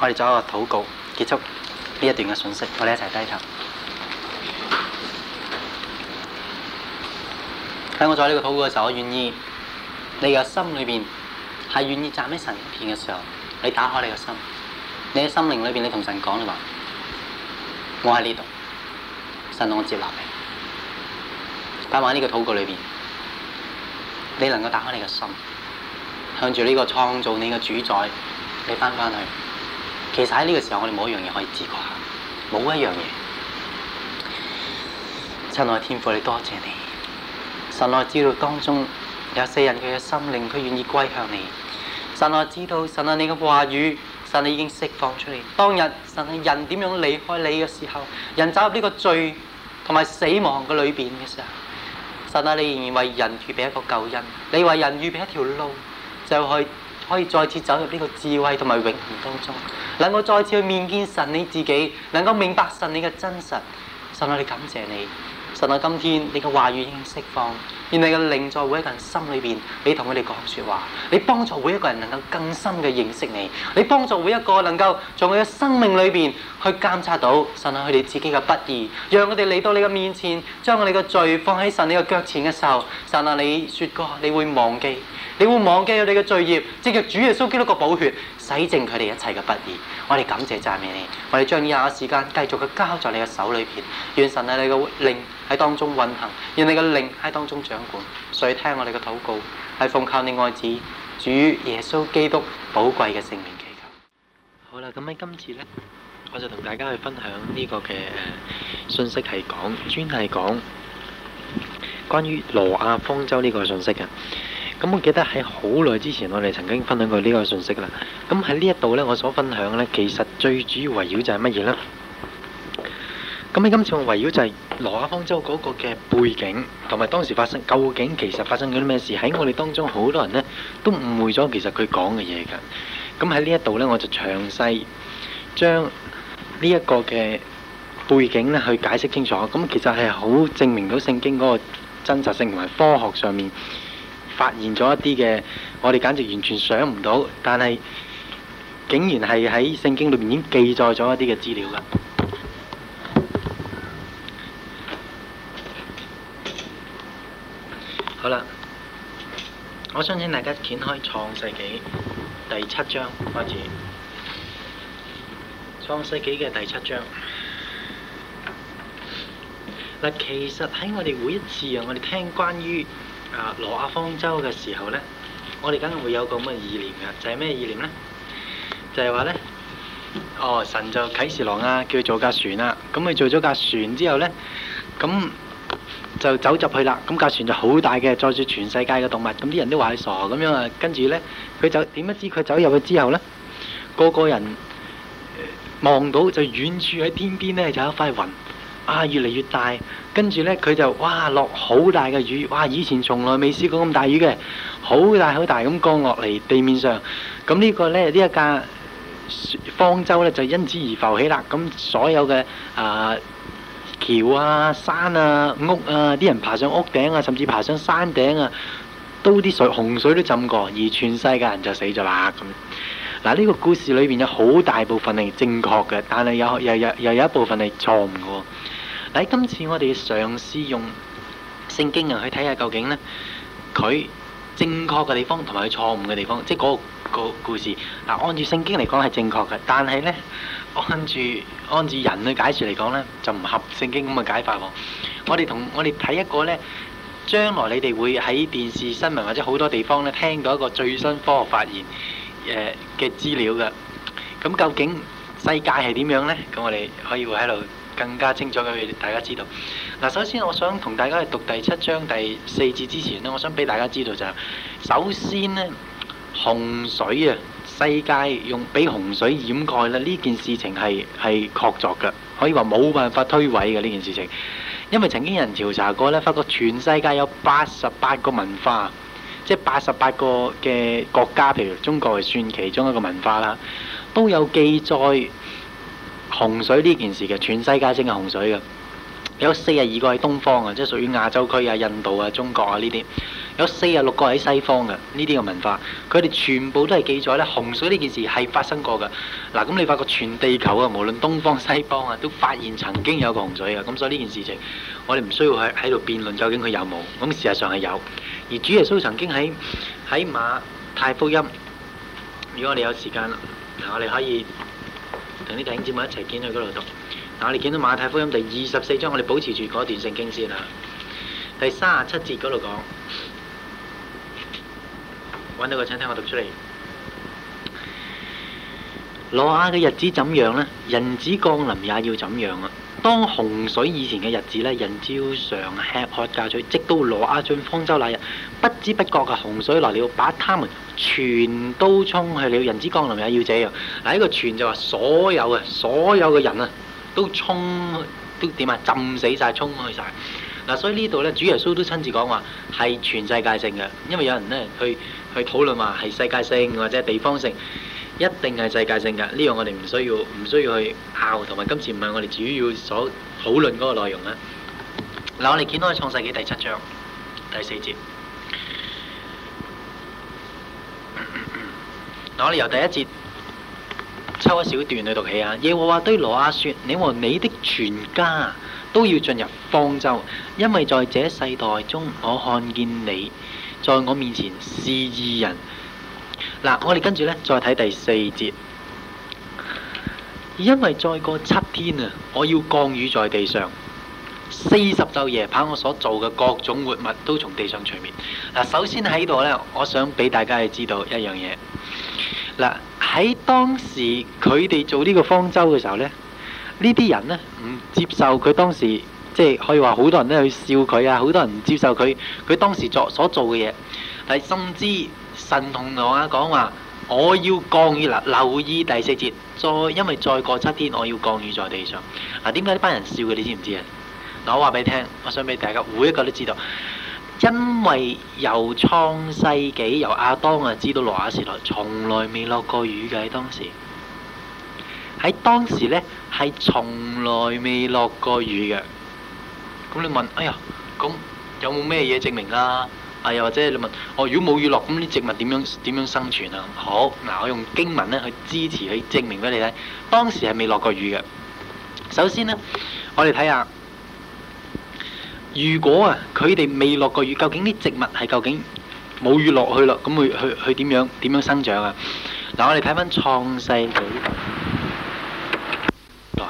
我哋做一個禱告，結束呢一段嘅訊息，我哋一齊低頭。喺我做呢個禱告嘅時候，我願意你嘅心裏面係願意站喺神一邊嘅時候，你打開你嘅心，你嘅心靈裏面。你同神講嘅話，我喺呢度，神我接納你。擺埋呢個禱告裏面，你能夠打開你嘅心，向住呢個創造你嘅主宰，你翻翻去。其實喺呢個時候，我哋冇一樣嘢可以自誇下，冇一樣嘢。親愛的天父，你多謝你。神你知道當中有四人佢嘅心靈，佢願意歸向你。神你知道，神啊，你嘅話語，神你已經釋放出嚟。當日神你人點樣離開你嘅時候，人走入呢個罪同埋死亡嘅裏邊嘅時候，神啊，你仍然為人預備一個救恩，你為人預備一條路，就去可,可以再次走入呢個智慧同埋永恒當中。能夠再次去面見神你自己，能夠明白神你嘅真實，神啊，你感謝你。神啊，今天你嘅話語已經釋放，而你嘅靈在每一個人心裏邊，你同佢哋講說話，你幫助每一個人能夠更深嘅認識你，你幫助每一個能夠在佢嘅生命裏邊去監察到神啊，佢哋自己嘅不義。讓佢哋嚟到你嘅面前，將我哋嘅罪放喺神你嘅腳前嘅時候，神啊，你說過你會忘記。你會忘記咗你嘅罪孽，藉著主耶穌基督嘅寶血，洗淨佢哋一切嘅不義。我哋感謝讚美你，我哋將以下嘅時間繼續去交在你嘅手裏邊，願神喺你嘅靈喺當中運行，讓你嘅靈喺當中掌管。所以聽我哋嘅禱告，係奉靠你愛子主耶穌基督寶貴嘅聖名祈求。好啦，咁喺今次呢，我就同大家去分享呢個嘅誒信息，係講專係講關於羅亞方舟呢個信息嘅。咁我記得喺好耐之前，我哋曾經分享過呢個信息啦。咁喺呢一度呢，我所分享呢，其實最主要圍繞就係乜嘢呢？咁喺今次我圍繞就係《羅亞方舟》嗰個嘅背景，同埋當時發生，究竟其實發生咗啲咩事？喺我哋當中，好多人呢都誤會咗其實佢講嘅嘢㗎。咁喺呢一度呢，我就詳細將呢一個嘅背景呢去解釋清楚。咁其實係好證明到聖經嗰個真實性同埋科學上面。發現咗一啲嘅，我哋簡直完全想唔到，但係竟然係喺聖經裏面已經記載咗一啲嘅資料㗎。好啦，我想請大家掀開《創世紀》第七章開始，《創世紀》嘅第七章嗱，其實喺我哋每一次啊，我哋聽關於。啊！挪亞方舟嘅時候呢，我哋梗係會有個咁嘅意念噶，就係咩意念呢？就係、是、話呢，哦，神就啟示挪亞叫佢做架船啦、啊，咁、嗯、佢做咗架船之後呢，咁、嗯、就走入去啦，咁、嗯、架船就好大嘅，載住全世界嘅動物，咁、嗯、啲人都話佢傻咁樣啊，跟住呢，佢走，點不知佢走入去之後呢，個個人望到就遠處喺天邊呢就有一塊雲。啊！越嚟越大，跟住呢，佢就哇落好大嘅雨，哇以前從來未試過咁大雨嘅，好大好大咁降落嚟地面上。咁呢個呢，呢一架方舟呢，就因此而浮起啦。咁所有嘅啊、呃、橋啊山啊屋啊，啲人爬上屋頂啊，甚至爬上山頂啊，都啲水洪水都浸過，而全世界人就死咗啦咁。嗱、啊、呢、啊呢個故事裏面有好大部分係正確嘅，但係有又有又有，有，有一部分係錯誤。喺今次我哋嘅嘗試用《聖經》啊去睇下究竟呢，佢正確嘅地方同埋佢錯誤嘅地方，即係嗰個個故事啊。按照《聖經》嚟講係正確嘅，但係呢，按住按住人類解説嚟講呢，就唔合《聖經》咁嘅解法喎。我哋同我哋睇一個呢，將來你哋會喺電視新聞或者好多地方呢聽到一個最新科學發現嘅資料㗎。咁究竟世界係點樣呢？咁我哋可以會喺度。更加清楚嘅大家知道。嗱，首先我想同大家去讀第七章第四節之前呢，我想俾大家知道就係，首先呢，洪水啊，世界用俾洪水掩蓋啦，呢件事情係，係確鑿嘅，可以話冇辦法推諉嘅呢件事情。因為曾經有人調查過呢，發覺全世界有八十八個文化，即係八十八個嘅國家，譬如中國，係算其中一個文化啦，都有記載。洪水呢件事嘅全世界性嘅洪水嘅，有四十二個喺東方啊，即係屬於亞洲區啊，印度啊、中國啊呢啲，有四十六個喺西方嘅呢啲嘅文化，佢哋全部都係記載咧洪水呢件事係發生過噶。嗱，咁你發覺全地球啊，無論東方西方啊，都發現曾經有個洪水嘅。咁所以呢件事情，我哋唔需要喺喺度辯論究竟佢有冇。咁事實上係有。而主耶穌曾經喺喺馬太福音，如果我哋有時間，嗱我哋可以。同啲弟兄姊妹一齊見佢嗰度讀，嗱，我哋見到馬太福音第二十四章，我哋保持住嗰段聖經先啦。第三十七節嗰度講，揾到個，請聽我讀出嚟。挪亞嘅日子怎樣呢？人子降臨也要怎樣啊？當洪水以前嘅日子咧，人朝常吃喝嫁娶，直到挪亞進方舟那日，不知不覺嘅洪水來了，把他們全都沖去，個都沖都了。人子降臨又要這樣。嗱，呢個全就話所有啊，所有嘅人啊，都沖都點啊？浸死晒，沖去晒。」嗱，所以呢度咧，主耶穌都親自講話係全世界性嘅，因為有人咧去去討論話係世界性或者地方性。一定係世界性㗎，呢樣我哋唔需要，唔需要去拗，同埋今次唔係我哋主要所討論嗰個內容啦。嗱，我哋見到創世紀第七章第四節，嗱，我哋由第一節抽一小段去讀起啊。耶和華對羅亞説：你和你的全家都要進入方舟，因為在這世代中，我看見你在我面前是義人。嗱，我哋跟住咧，再睇第四節。因為再過七天啊，我要降雨在地上四十晝夜，把我所做嘅各種活物都從地上除滅。嗱，首先喺度呢，我想俾大家去知道一樣嘢。嗱，喺當時佢哋做呢個方舟嘅時候呢，呢啲人呢唔接受佢當時，即係可以話好多人都去笑佢啊，好多人唔接受佢，佢當時作所做嘅嘢係甚至。神同羅亞講話：我要降雨啦！留意第四節，再因為再過七天，我要降雨在地上。嗱、啊，點解呢班人笑嘅？你知唔知啊？嗱，我話俾你聽，我想俾大家每一個都知道，因為由創世紀由亞當啊，知道羅亞時代，從來未落過雨嘅喺當時。喺當時呢，係從來未落過雨嘅。咁你問，哎呀，咁有冇咩嘢證明啦、啊？係又或者你問我，如果冇雨落，咁啲植物點樣點樣生存啊？好，嗱，我用經文咧去支持去證明俾你睇，當時係未落過雨嘅。首先咧，我哋睇下，如果啊佢哋未落過雨，究竟啲植物係究竟冇雨落去咯？咁佢去去點樣點樣生長啊？嗱，我哋睇翻創世紀來，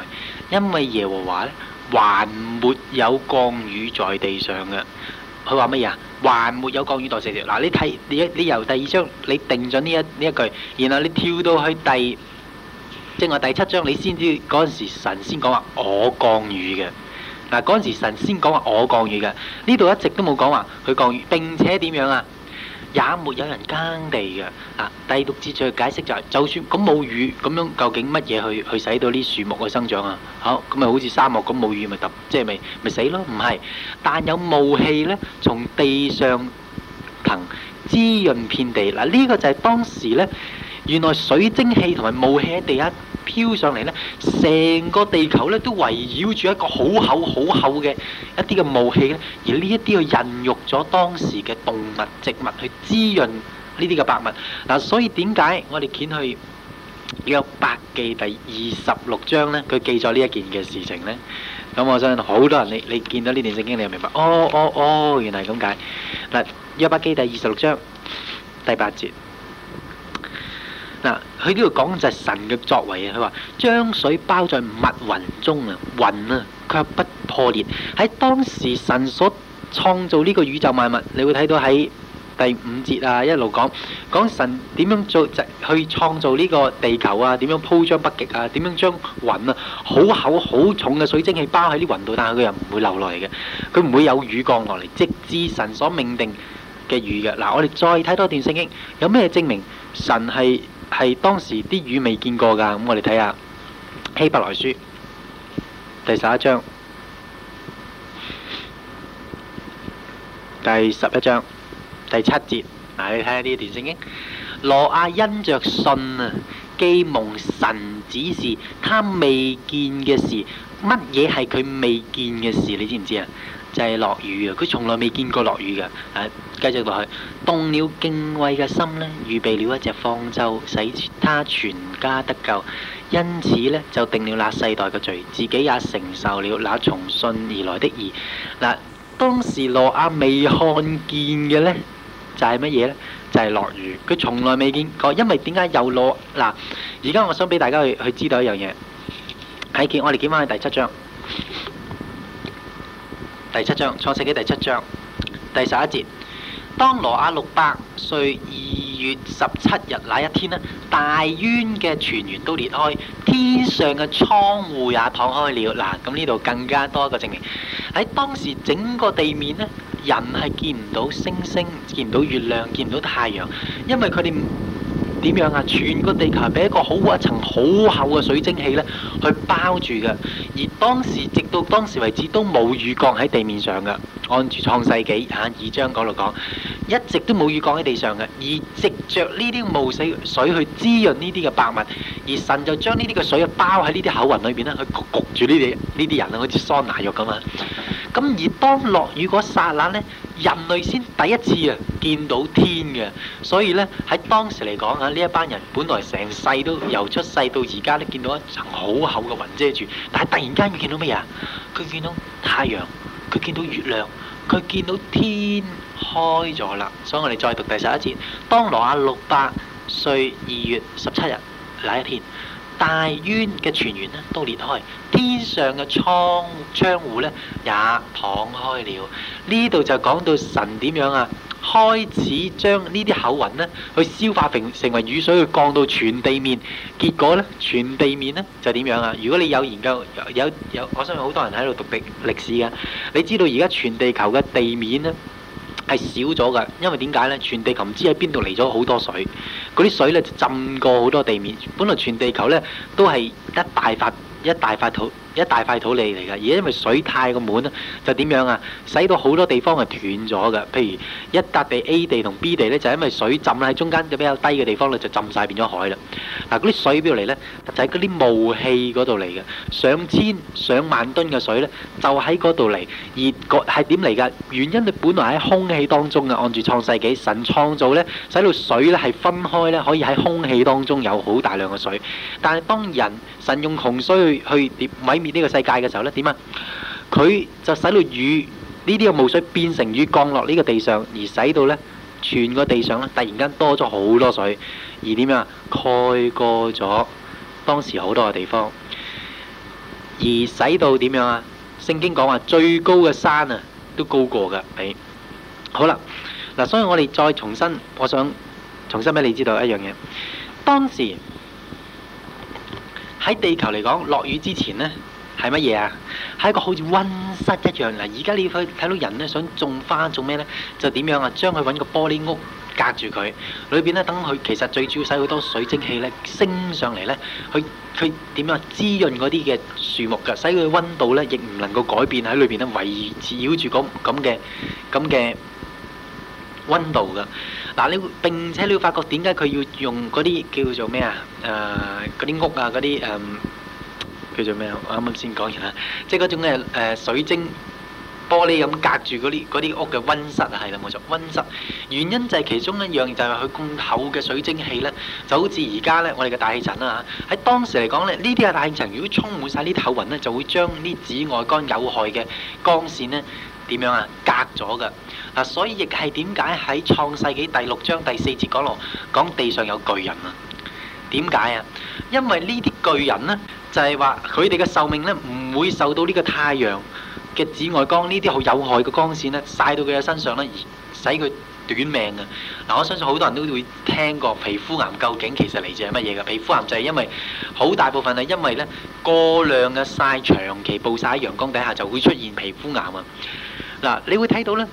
因為耶和華咧還沒有降雨在地上嘅。佢話乜嘢啊？還沒有降雨袋射條。嗱，你睇你你由第二章你定咗呢一呢一句，然後你跳到去第，即係話第七章，你先知嗰陣時神先講話我降雨嘅。嗱，嗰、啊、陣時神先講話我降雨嘅，呢度一直都冇講話佢降雨，並且點樣啊？也沒有人耕地嘅啊！低毒之處解釋就係、是，就算咁冇雨咁樣，究竟乜嘢去去使到啲樹木嘅生長啊？好咁咪好似沙漠咁冇雨咪揼，即係咪咪死咯？唔係，但有霧氣呢，從地上騰滋潤遍地嗱，呢、啊這個就係當時呢。原來水蒸氣同埋霧氣喺地下飄上嚟咧，成個地球咧都圍繞住一個好厚好厚嘅一啲嘅霧氣咧，而呢一啲去孕育咗當時嘅動物植物去滋潤呢啲嘅植物。嗱，所以點解我哋見去約伯記第二十六章咧，佢記載呢一件嘅事情咧？咁我相信好多人你你見到呢段聖經你就明白。哦哦哦，原來咁解。嗱，約伯記第二十六章第八節。嗱，佢呢度講就係神嘅作為啊！佢話將水包在密雲中雲啊，雲啊，佢話不破裂。喺當時神所創造呢個宇宙萬物，你會睇到喺第五節啊，一路講講神點樣做去創造呢個地球啊，點樣鋪張北極啊，點樣將雲啊好厚好重嘅水蒸氣包喺啲雲度，但係佢又唔會流落嚟嘅，佢唔會有雨降落嚟，直至神所命定嘅雨嘅嗱。我哋再睇多段聖經，有咩證明神係？係當時啲魚未見過㗎，咁我哋睇下希伯來書第十一章，第十一章第七節，嗱，你睇下呢段聖經，羅亞因着信啊，既蒙神指示他未見嘅事，乜嘢係佢未見嘅事？你知唔知啊？就係落雨啊！佢從來未見過落雨㗎。誒、啊，繼續落去，動了敬畏嘅心咧，預備了一隻方舟，使他全家得救。因此呢，就定了那世代嘅罪，自己也承受了那從信而來的義。嗱、啊，當時挪亞未看見嘅呢，就係乜嘢呢？就係、是、落雨。佢從來未見過，因為點解又落？嗱、啊，而家我想俾大家去去知道一樣嘢，喺我哋見翻去第七章。第七章，創世記第七章第十一節，當羅亞六百歲二月十七日那一天咧，大淵嘅泉源都裂開，天上嘅窗戶也躺開了。嗱，咁呢度更加多一個證明，喺當時整個地面咧，人係見唔到星星，見唔到月亮，見唔到太陽，因為佢哋。點樣啊？全個地球係俾一個好一層、好厚嘅水蒸氣咧去包住嘅，而當時直到當時為止，都冇雨降喺地面上嘅。按住創世紀啊，以章嗰度講，一直都冇雨降喺地上嘅，而藉著呢啲霧水水去滋潤呢啲嘅植物，而神就將呢啲嘅水啊包喺呢啲厚雲裏邊啦，去焗焗住呢啲呢啲人啦，好似桑拿浴咁啊。咁而當落雨嗰剎那咧，人類先第一次啊見到天嘅，所以咧喺當時嚟講啊，呢一班人本來成世都由出世到而家都見到一層好厚嘅雲遮住，但係突然間佢見到乜嘢啊？佢見到太陽。佢見到月亮，佢見到天開咗啦，所以我哋再讀第十一節。當挪亞六百歲二月十七日那一天，大淵嘅泉源咧都裂開，天上嘅窗窗戶咧也敞開了。呢度就講到神點樣啊？開始將呢啲口雲呢去消化成成為雨水去降到全地面，結果呢，全地面呢就點樣啊？如果你有研究有有，有，我相信好多人喺度讀歷歷史㗎，你知道而家全地球嘅地面呢係少咗㗎，因為點解呢？全地球唔知喺邊度嚟咗好多水，嗰啲水呢就浸過好多地面，本來全地球呢都係一大塊一大塊土。一大塊土地嚟㗎，而家因為水太過滿啦，就點樣啊？使到好多地方係斷咗㗎。譬如一笪地 A 地同 B 地咧，就因為水浸啦，喺中間嘅比較低嘅地方咧，就浸曬變咗海啦。嗱，嗰啲水表嚟咧，就係嗰啲霧氣嗰度嚟嘅，上千上萬噸嘅水咧，就喺嗰度嚟。而個係點嚟㗎？原因你本來喺空氣當中啊，按住創世紀神創造咧，使到水咧係分開咧，可以喺空氣當中有好大量嘅水。但係當人神用洪水去去滅毀。滅呢個世界嘅時候咧，點啊？佢就使到雨呢啲嘅霧水變成雨降落呢個地上，而使到呢全個地上咧，突然間多咗好多水，而點啊？蓋過咗當時好多嘅地方，而使到點樣啊？聖經講話最高嘅山啊，都高過噶你。好啦，嗱，所以我哋再重新，我想重新俾你知道一樣嘢。當時喺地球嚟講，落雨之前呢。係乜嘢啊？係一個好似温室一樣嗱，而家你要去睇到人咧，想種花做咩咧？就點樣啊？將佢揾個玻璃屋隔住佢，裏邊咧等佢，其實最主要使好多水蒸氣咧升上嚟咧，去去點樣滋潤嗰啲嘅樹木㗎，使佢温度咧亦唔能夠改變喺裏邊咧維持，繞住咁咁嘅咁嘅温度㗎。嗱、啊，你並且你要發覺點解佢要用嗰啲叫做咩啊？誒嗰啲屋啊，嗰啲誒。嗯叫做咩啊？我啱啱先講完啦，即係嗰種嘅誒、呃、水晶玻璃咁隔住嗰啲啲屋嘅温室啊，係啦冇錯，温室原因就係其中一樣就係佢咁厚嘅水蒸氣咧，就好似而家咧我哋嘅大氣層啦、啊、嚇。喺當時嚟講咧，呢啲嘅大氣層如果充滿晒呢啲臭雲咧，就會將啲紫外光有害嘅光線咧點樣啊隔咗㗎啊，所以亦係點解喺創世紀第六章第四節講落講地上有巨人啊？點解啊？因為呢啲巨人呢，就係話佢哋嘅壽命呢，唔會受到呢個太陽嘅紫外光呢啲好有害嘅光線呢，曬到佢嘅身上呢，而使佢短命啊。嗱、啊，我相信好多人都會聽過皮膚癌究竟其實嚟自係乜嘢㗎？皮膚癌就係因為好大部分係因為呢，過量嘅晒長期暴晒喺陽光底下就會出現皮膚癌啊！嗱、啊，你會睇到呢，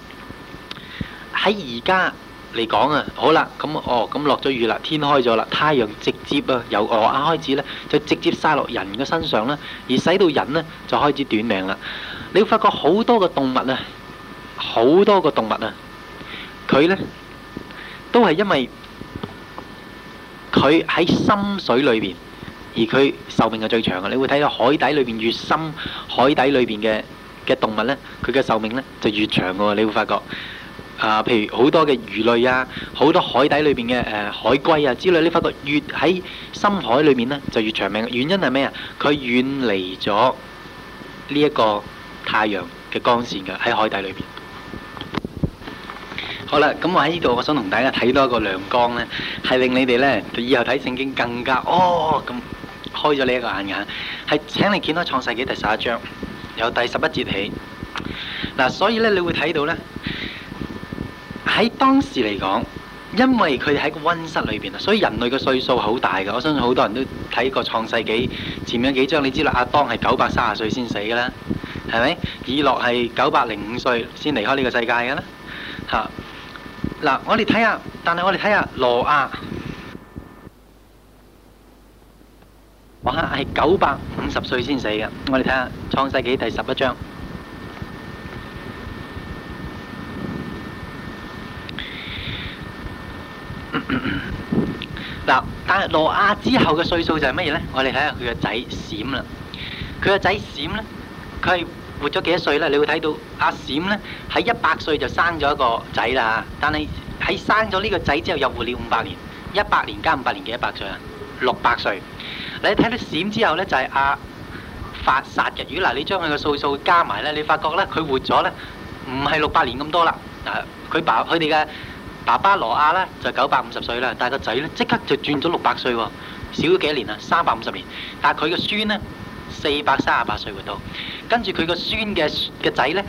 喺而家。嚟講啊，好啦，咁哦，咁落咗雨啦，天開咗啦，太陽直接啊，由河岸開始咧，就直接曬落人嘅身上啦，而使到人咧就開始短命啦。你會發覺好多嘅動物啊，好多嘅動物啊，佢咧都係因為佢喺深水裏邊，而佢壽命就最長嘅。你會睇到海底裏邊越深，海底裏邊嘅嘅動物咧，佢嘅壽命咧就越長嘅。你會發覺。啊，譬如好多嘅魚類啊，好多海底裏邊嘅誒海龜啊之類，你發覺越喺深海裏面呢就越長命。原因係咩啊？佢遠離咗呢一個太陽嘅光線嘅喺海底裏邊。好啦，咁我喺呢度，我想同大家睇多一個亮光呢，係令你哋呢，以後睇聖經更加哦咁開咗呢一個眼眼，係請你揭開創世紀第十一章，由第十一節起。嗱、啊，所以呢，你會睇到呢。喺當時嚟講，因為佢哋喺個溫室裏邊啊，所以人類嘅歲數好大嘅。我相信好多人都睇過《創世紀》前面嘅幾章，你知啦，阿當係九百三十歲先死嘅啦，係咪？以諾係九百零五歲先離開呢個世界嘅啦。嚇！嗱，我哋睇下，但係我哋睇下羅亞，哇，係九百五十歲先死嘅。我哋睇下《創世紀》第十一章。但係羅亞之後嘅歲數就係乜嘢咧？我哋睇下佢個仔閃啦，佢個仔閃咧，佢係活咗幾多歲咧？你會睇到阿、啊、閃咧喺一百歲就生咗一個仔啦嚇，但係喺生咗呢個仔之後又活了五百年，一百年加五百年幾多百歲啊？六百歲。你睇到閃之後咧就係阿法殺日魚嗱，你將佢嘅歲數加埋咧，你發覺咧佢活咗咧唔係六百年咁多啦嗱，佢爸佢哋嘅。爸爸羅亞咧就九百五十歲啦，但個仔咧即刻就轉咗六百歲喎、哦，少咗幾年啊，三百五十年。但係佢個孫呢，四百三十八歲活到。跟住佢個孫嘅嘅仔呢，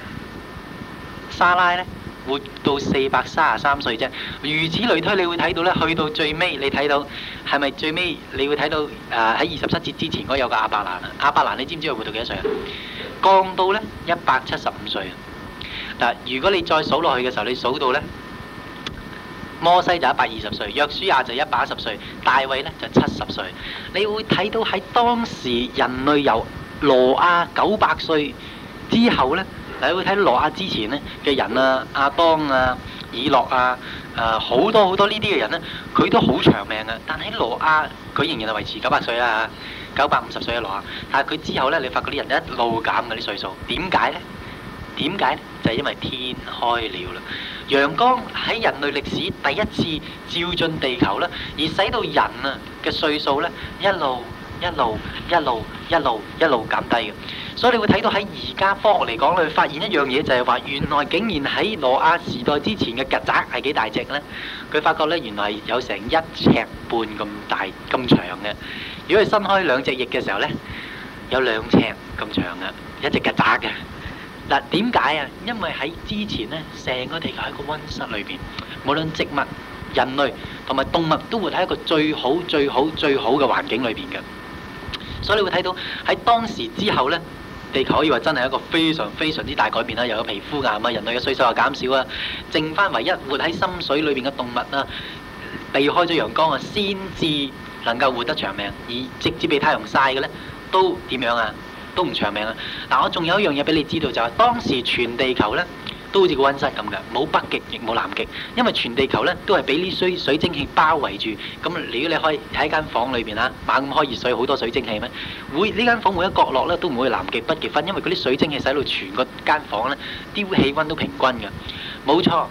沙拉呢，活到四百三十三歲啫。如此類推，你會睇到呢，去到最尾你睇到係咪最尾？你會睇到誒喺二十七節之前嗰有個亞伯蘭啊，亞伯蘭你知唔知佢活到幾多歲啊？降到呢，一百七十五歲啊！嗱，如果你再數落去嘅時候，你數到呢。摩西就一百二十歲，約書亞就一百一十歲，大衛咧就七十歲。你會睇到喺當時人類由羅亞九百歲之後呢，你會睇到羅亞之前呢嘅人啊，亞當啊、以諾啊、啊、呃、好多好多呢啲嘅人呢，佢都好長命啊。但喺羅亞，佢仍然係維持九百歲啦，九百五十歲嘅羅亞。但係佢之後呢，你發覺啲人一路減嗰啲歲數，點解呢？點解呢？就係、是、因為天開了啦。陽光喺人類歷史第一次照進地球啦，而使到人啊嘅歲數咧一路一路一路一路一路減低嘅。所以你會睇到喺而家科學嚟講咧，你發現一樣嘢就係話，原來竟然喺羅亞時代之前嘅曱甴係幾大隻咧？佢發覺咧，原來係有成一尺半咁大咁長嘅。如果佢伸開兩隻翼嘅時候咧，有兩尺咁長嘅，一隻曱甴嘅。嗱，點解啊？因為喺之前呢，成個地球喺個温室裏邊，無論植物、人類同埋動物，都會喺一個最好、最好、最好嘅環境裏邊嘅。所以你會睇到喺當時之後呢，地球可以話真係一個非常非常之大改變啦。又有皮膚癌啊，人類嘅歲數又減少啊，剩翻唯一活喺深水裏邊嘅動物啊，避開咗陽光啊，先至能夠活得長命，而直接被太陽曬嘅呢，都點樣啊？都唔長命啦！但，我仲有一樣嘢俾你知道，就係當時全地球咧都好似個温室咁嘅，冇北極亦冇南極，因為全地球咧都係俾呢啲水蒸氣包圍住。咁如果你開喺間房裏邊啦，猛咁開熱水，好多水蒸氣咩？會呢間房每一角落咧都唔會南極、北極分，因為嗰啲水蒸氣使到全個間房咧，啲氣温都平均嘅，冇錯。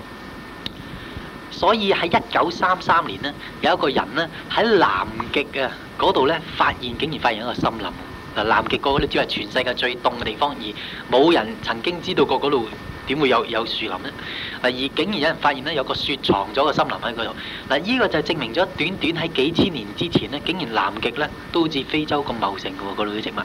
所以喺一九三三年咧，有一個人咧喺南極啊嗰度咧發現，竟然發現一個森林。嗱，南極嗰度只係全世界最凍嘅地方，而冇人曾經知道過嗰度點會有有樹林咧。嗱，而竟然有人發現咧，有個雪藏咗個森林喺嗰度。嗱，呢個就證明咗短短喺幾千年之前咧，竟然南極咧都好似非洲咁茂盛嘅喎，嗰度啲植物。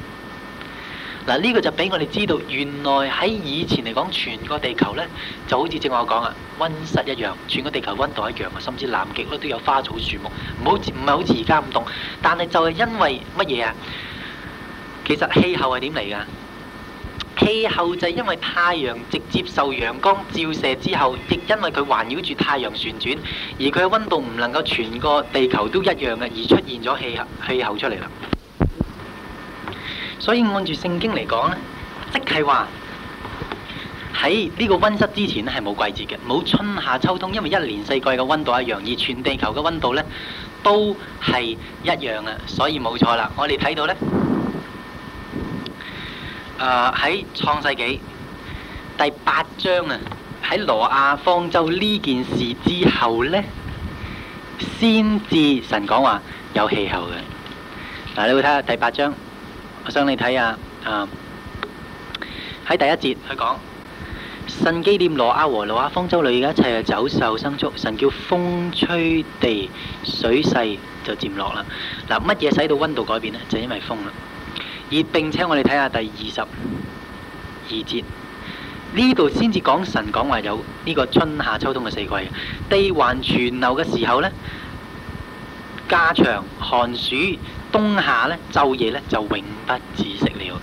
嗱，呢個就俾我哋知道，原來喺以前嚟講，全個地球咧就好似正話我講啊，温室一樣，全個地球温度一樣嘅，甚至南極咧都有花草樹木，唔好唔係好似而家咁凍。但係就係因為乜嘢啊？其實氣候係點嚟㗎？氣候就係因為太陽直接受陽光照射之後，亦因為佢環繞住太陽旋轉，而佢嘅温度唔能夠全個地球都一樣嘅，而出現咗氣候，氣候出嚟啦。所以按住聖經嚟講呢，即係話喺呢個温室之前咧係冇季節嘅，冇春夏秋冬，因為一年四季嘅温度一樣，而全地球嘅温度呢都係一樣嘅。所以冇錯啦，我哋睇到呢。誒喺、uh, 創世紀第八章啊，喺羅亞方舟呢件事之後呢，先至神講話有氣候嘅。嗱、啊，你會睇下第八章，我想你睇下啊。喺第一節佢講，神紀念羅亞和羅亞方舟裏嘅一切係走獸牲畜，神叫風吹地水勢就漸落啦。嗱、啊，乜嘢使到温度改變呢？就因為風啦。而並且我哋睇下第二十二節，呢度先至講神講話有呢個春夏秋冬嘅四季嘅。地還存留嘅時候咧，稼穡寒暑冬夏咧，晝夜咧就永不止息了。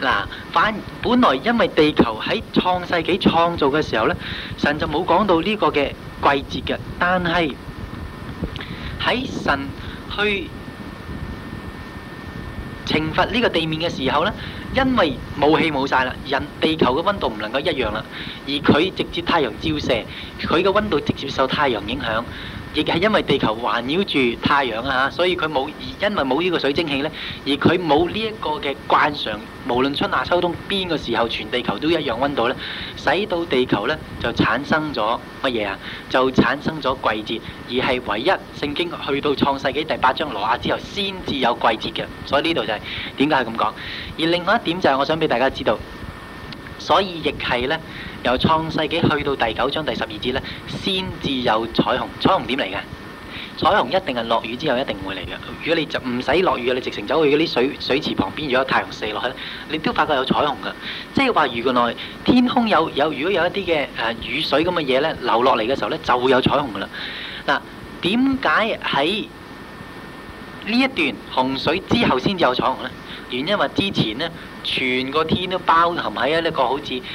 嗱，反而本來因為地球喺創世紀創造嘅時候咧，神就冇講到呢個嘅季節嘅，但係喺神去，懲罰呢個地面嘅時候咧，因為霧氣冇晒啦，人地球嘅溫度唔能夠一樣啦，而佢直接太陽照射，佢嘅溫度直接受太陽影響。亦係因為地球環繞住太陽啊，所以佢冇而因為冇呢個水蒸氣咧，而佢冇呢一個嘅慣常，無論春夏秋冬邊個時候，全地球都一樣溫度咧，使到地球咧就產生咗乜嘢啊？就產生咗季節，而係唯一聖經去到創世紀第八章挪亞之後，先至有季節嘅。所以呢度就係點解係咁講？而另外一點就係我想俾大家知道，所以亦係咧。由創世紀去到第九章第十二節咧，先至有彩虹。彩虹點嚟嘅？彩虹一定係落雨之後一定會嚟嘅。如果你唔使落雨，你直情走去嗰啲水水池旁邊，如果有太陽射落去，你都發覺有彩虹㗎。即係話，如果內天空有有，如果有一啲嘅誒雨水咁嘅嘢咧流落嚟嘅時候咧，就會有彩虹㗎啦。嗱、啊，點解喺呢一段洪水之後先至有彩虹呢？原因係之前呢，全個天都包含喺一個好似～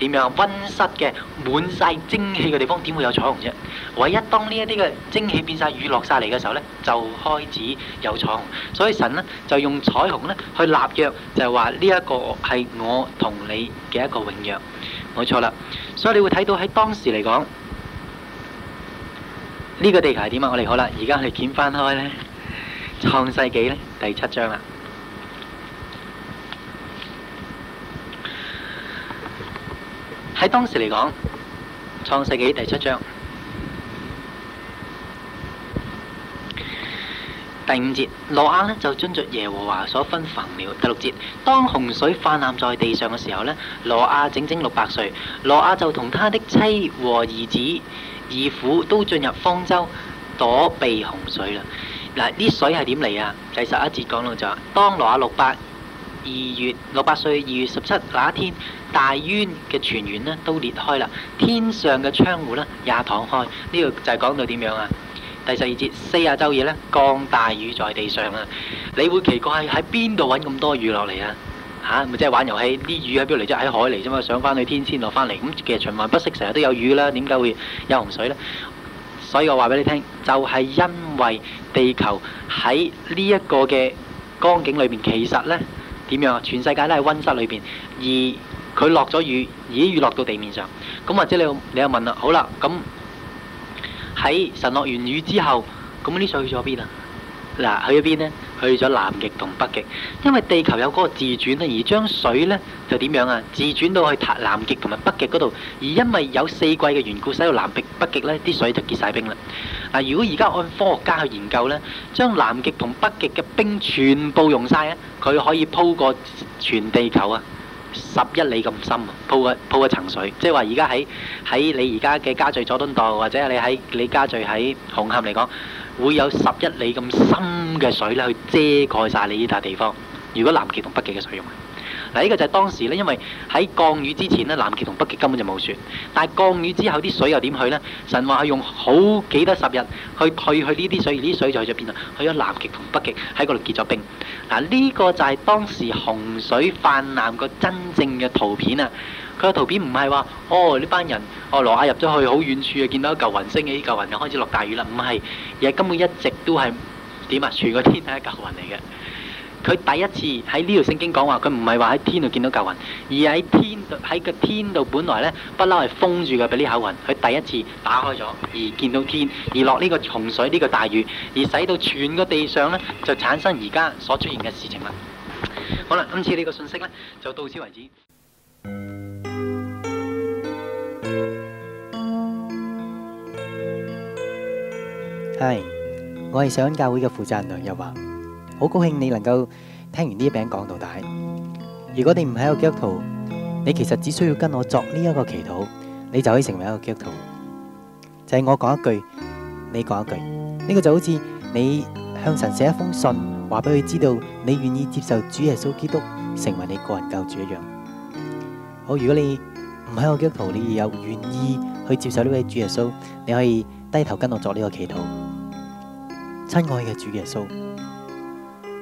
點樣温室嘅滿晒蒸氣嘅地方，點會有彩虹啫？唯一當呢一啲嘅蒸氣變晒雨落晒嚟嘅時候呢，就開始有彩虹。所以神呢，就用彩虹咧去立約，就係話呢一個係我同你嘅一個永約，冇錯啦。所以你會睇到喺當時嚟講，呢個地球係點啊？我哋好啦，而家去剪翻開呢創世紀呢第七章啦。喺當時嚟講，《創世紀》第七章第五節，挪亞咧就遵著耶和華所分範了。第六節，當洪水泛濫在地上嘅時候咧，挪亞整整六百歲，挪亞就同他的妻和兒子、兒婦都進入方舟躲避洪水啦。嗱，啲水係點嚟啊？第十一節講到就，當挪亞六百二月六百歲二月十七那一天。大淵嘅泉源咧都裂開啦，天上嘅窗戶咧也敞開。呢個就係講到點樣啊？第十二節四十晝夜咧，降大雨在地上啊。你會奇怪喺喺邊度搵咁多雨落嚟啊？吓、啊、咪即係玩遊戲，啲雨喺邊度嚟啫？喺海嚟啫嘛，上翻去天仙落翻嚟咁。其實循環不息，成日都有雨啦。點解會有洪水呢？所以我話俾你聽，就係、是、因為地球喺呢一個嘅光景裏面。其實呢，點樣啊？全世界都係溫室裏邊而。佢落咗雨，而啲雨落到地面上，咁或者你又你又問啦，好啦，咁喺神落完雨之後，咁啲水去咗邊啊？嗱，去咗邊呢？去咗南極同北極，因為地球有嗰個自轉啊，而將水呢就點樣啊？自轉到去南極同埋北極嗰度，而因為有四季嘅緣故，使到南極北極呢啲水就結晒冰啦。嗱，如果而家按科學家去研究呢，將南極同北極嘅冰全部溶晒咧，佢可以鋪過全地球啊！十一里咁深，鋪一鋪一層水，即係話而家喺喺你而家嘅家居佐敦道，或者係你喺你家居喺紅磡嚟講，會有十一里咁深嘅水咧，去遮蓋晒你呢笪地方。如果南極同北極嘅水用啊！嗱，呢個就係當時咧，因為喺降雨之前咧，南極同北極根本就冇雪。但係降雨之後啲水又點去呢？神話係用好幾多十日去去去呢啲水，而啲水就去咗邊啊？去咗南極同北極喺嗰度結咗冰。嗱，呢個就係當時洪水泛濫個真正嘅圖片啊！佢個圖片唔係話哦呢班人哦挪亞入咗去好遠處啊，見到一嚿雲升嘅，呢嚿雲就開始落大雨啦。唔係，而係根本一直都係點啊？全個天係一嚿雲嚟嘅。佢第一次喺呢條聖經講話，佢唔係話喺天度見到舊雲，而喺天度。喺個天度本來呢，不嬲係封住嘅俾呢口雲，佢第一次打開咗而見到天，而落呢個洪水呢，呢個大雨，而使到全個地上呢，就產生而家所出現嘅事情啦。好啦，今次呢個信息呢，就到此為止。係，我係上教會嘅負責人梁又華。好高興你能夠聽完呢一篇講到底。如果你唔喺個基督徒，你其實只需要跟我作呢一個祈禱，你就可以成為一個基督徒。就係我講一句，你講一句，呢個就好似你向神寫一封信，話俾佢知道你願意接受主耶穌基督成為你個人救主一樣。好，如果你唔喺我基督徒，你有願意去接受呢位主耶穌，你可以低頭跟我作呢個祈禱。親愛嘅主耶穌。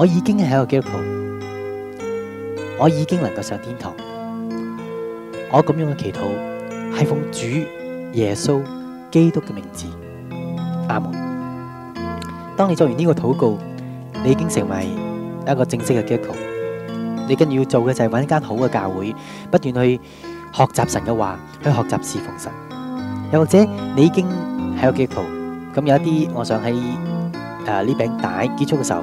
我已經係一個基督徒，我已經能夠上天堂。我咁樣嘅祈禱係奉主耶穌基督嘅名字，阿門。當你做完呢個禱告，你已經成為一個正式嘅基督徒。你跟住要做嘅就係搵一間好嘅教會，不斷去學習神嘅話，去學習侍奉神。又或者你已經係一個基督徒，咁有一啲，我想喺誒呢餅帶結束嘅時候。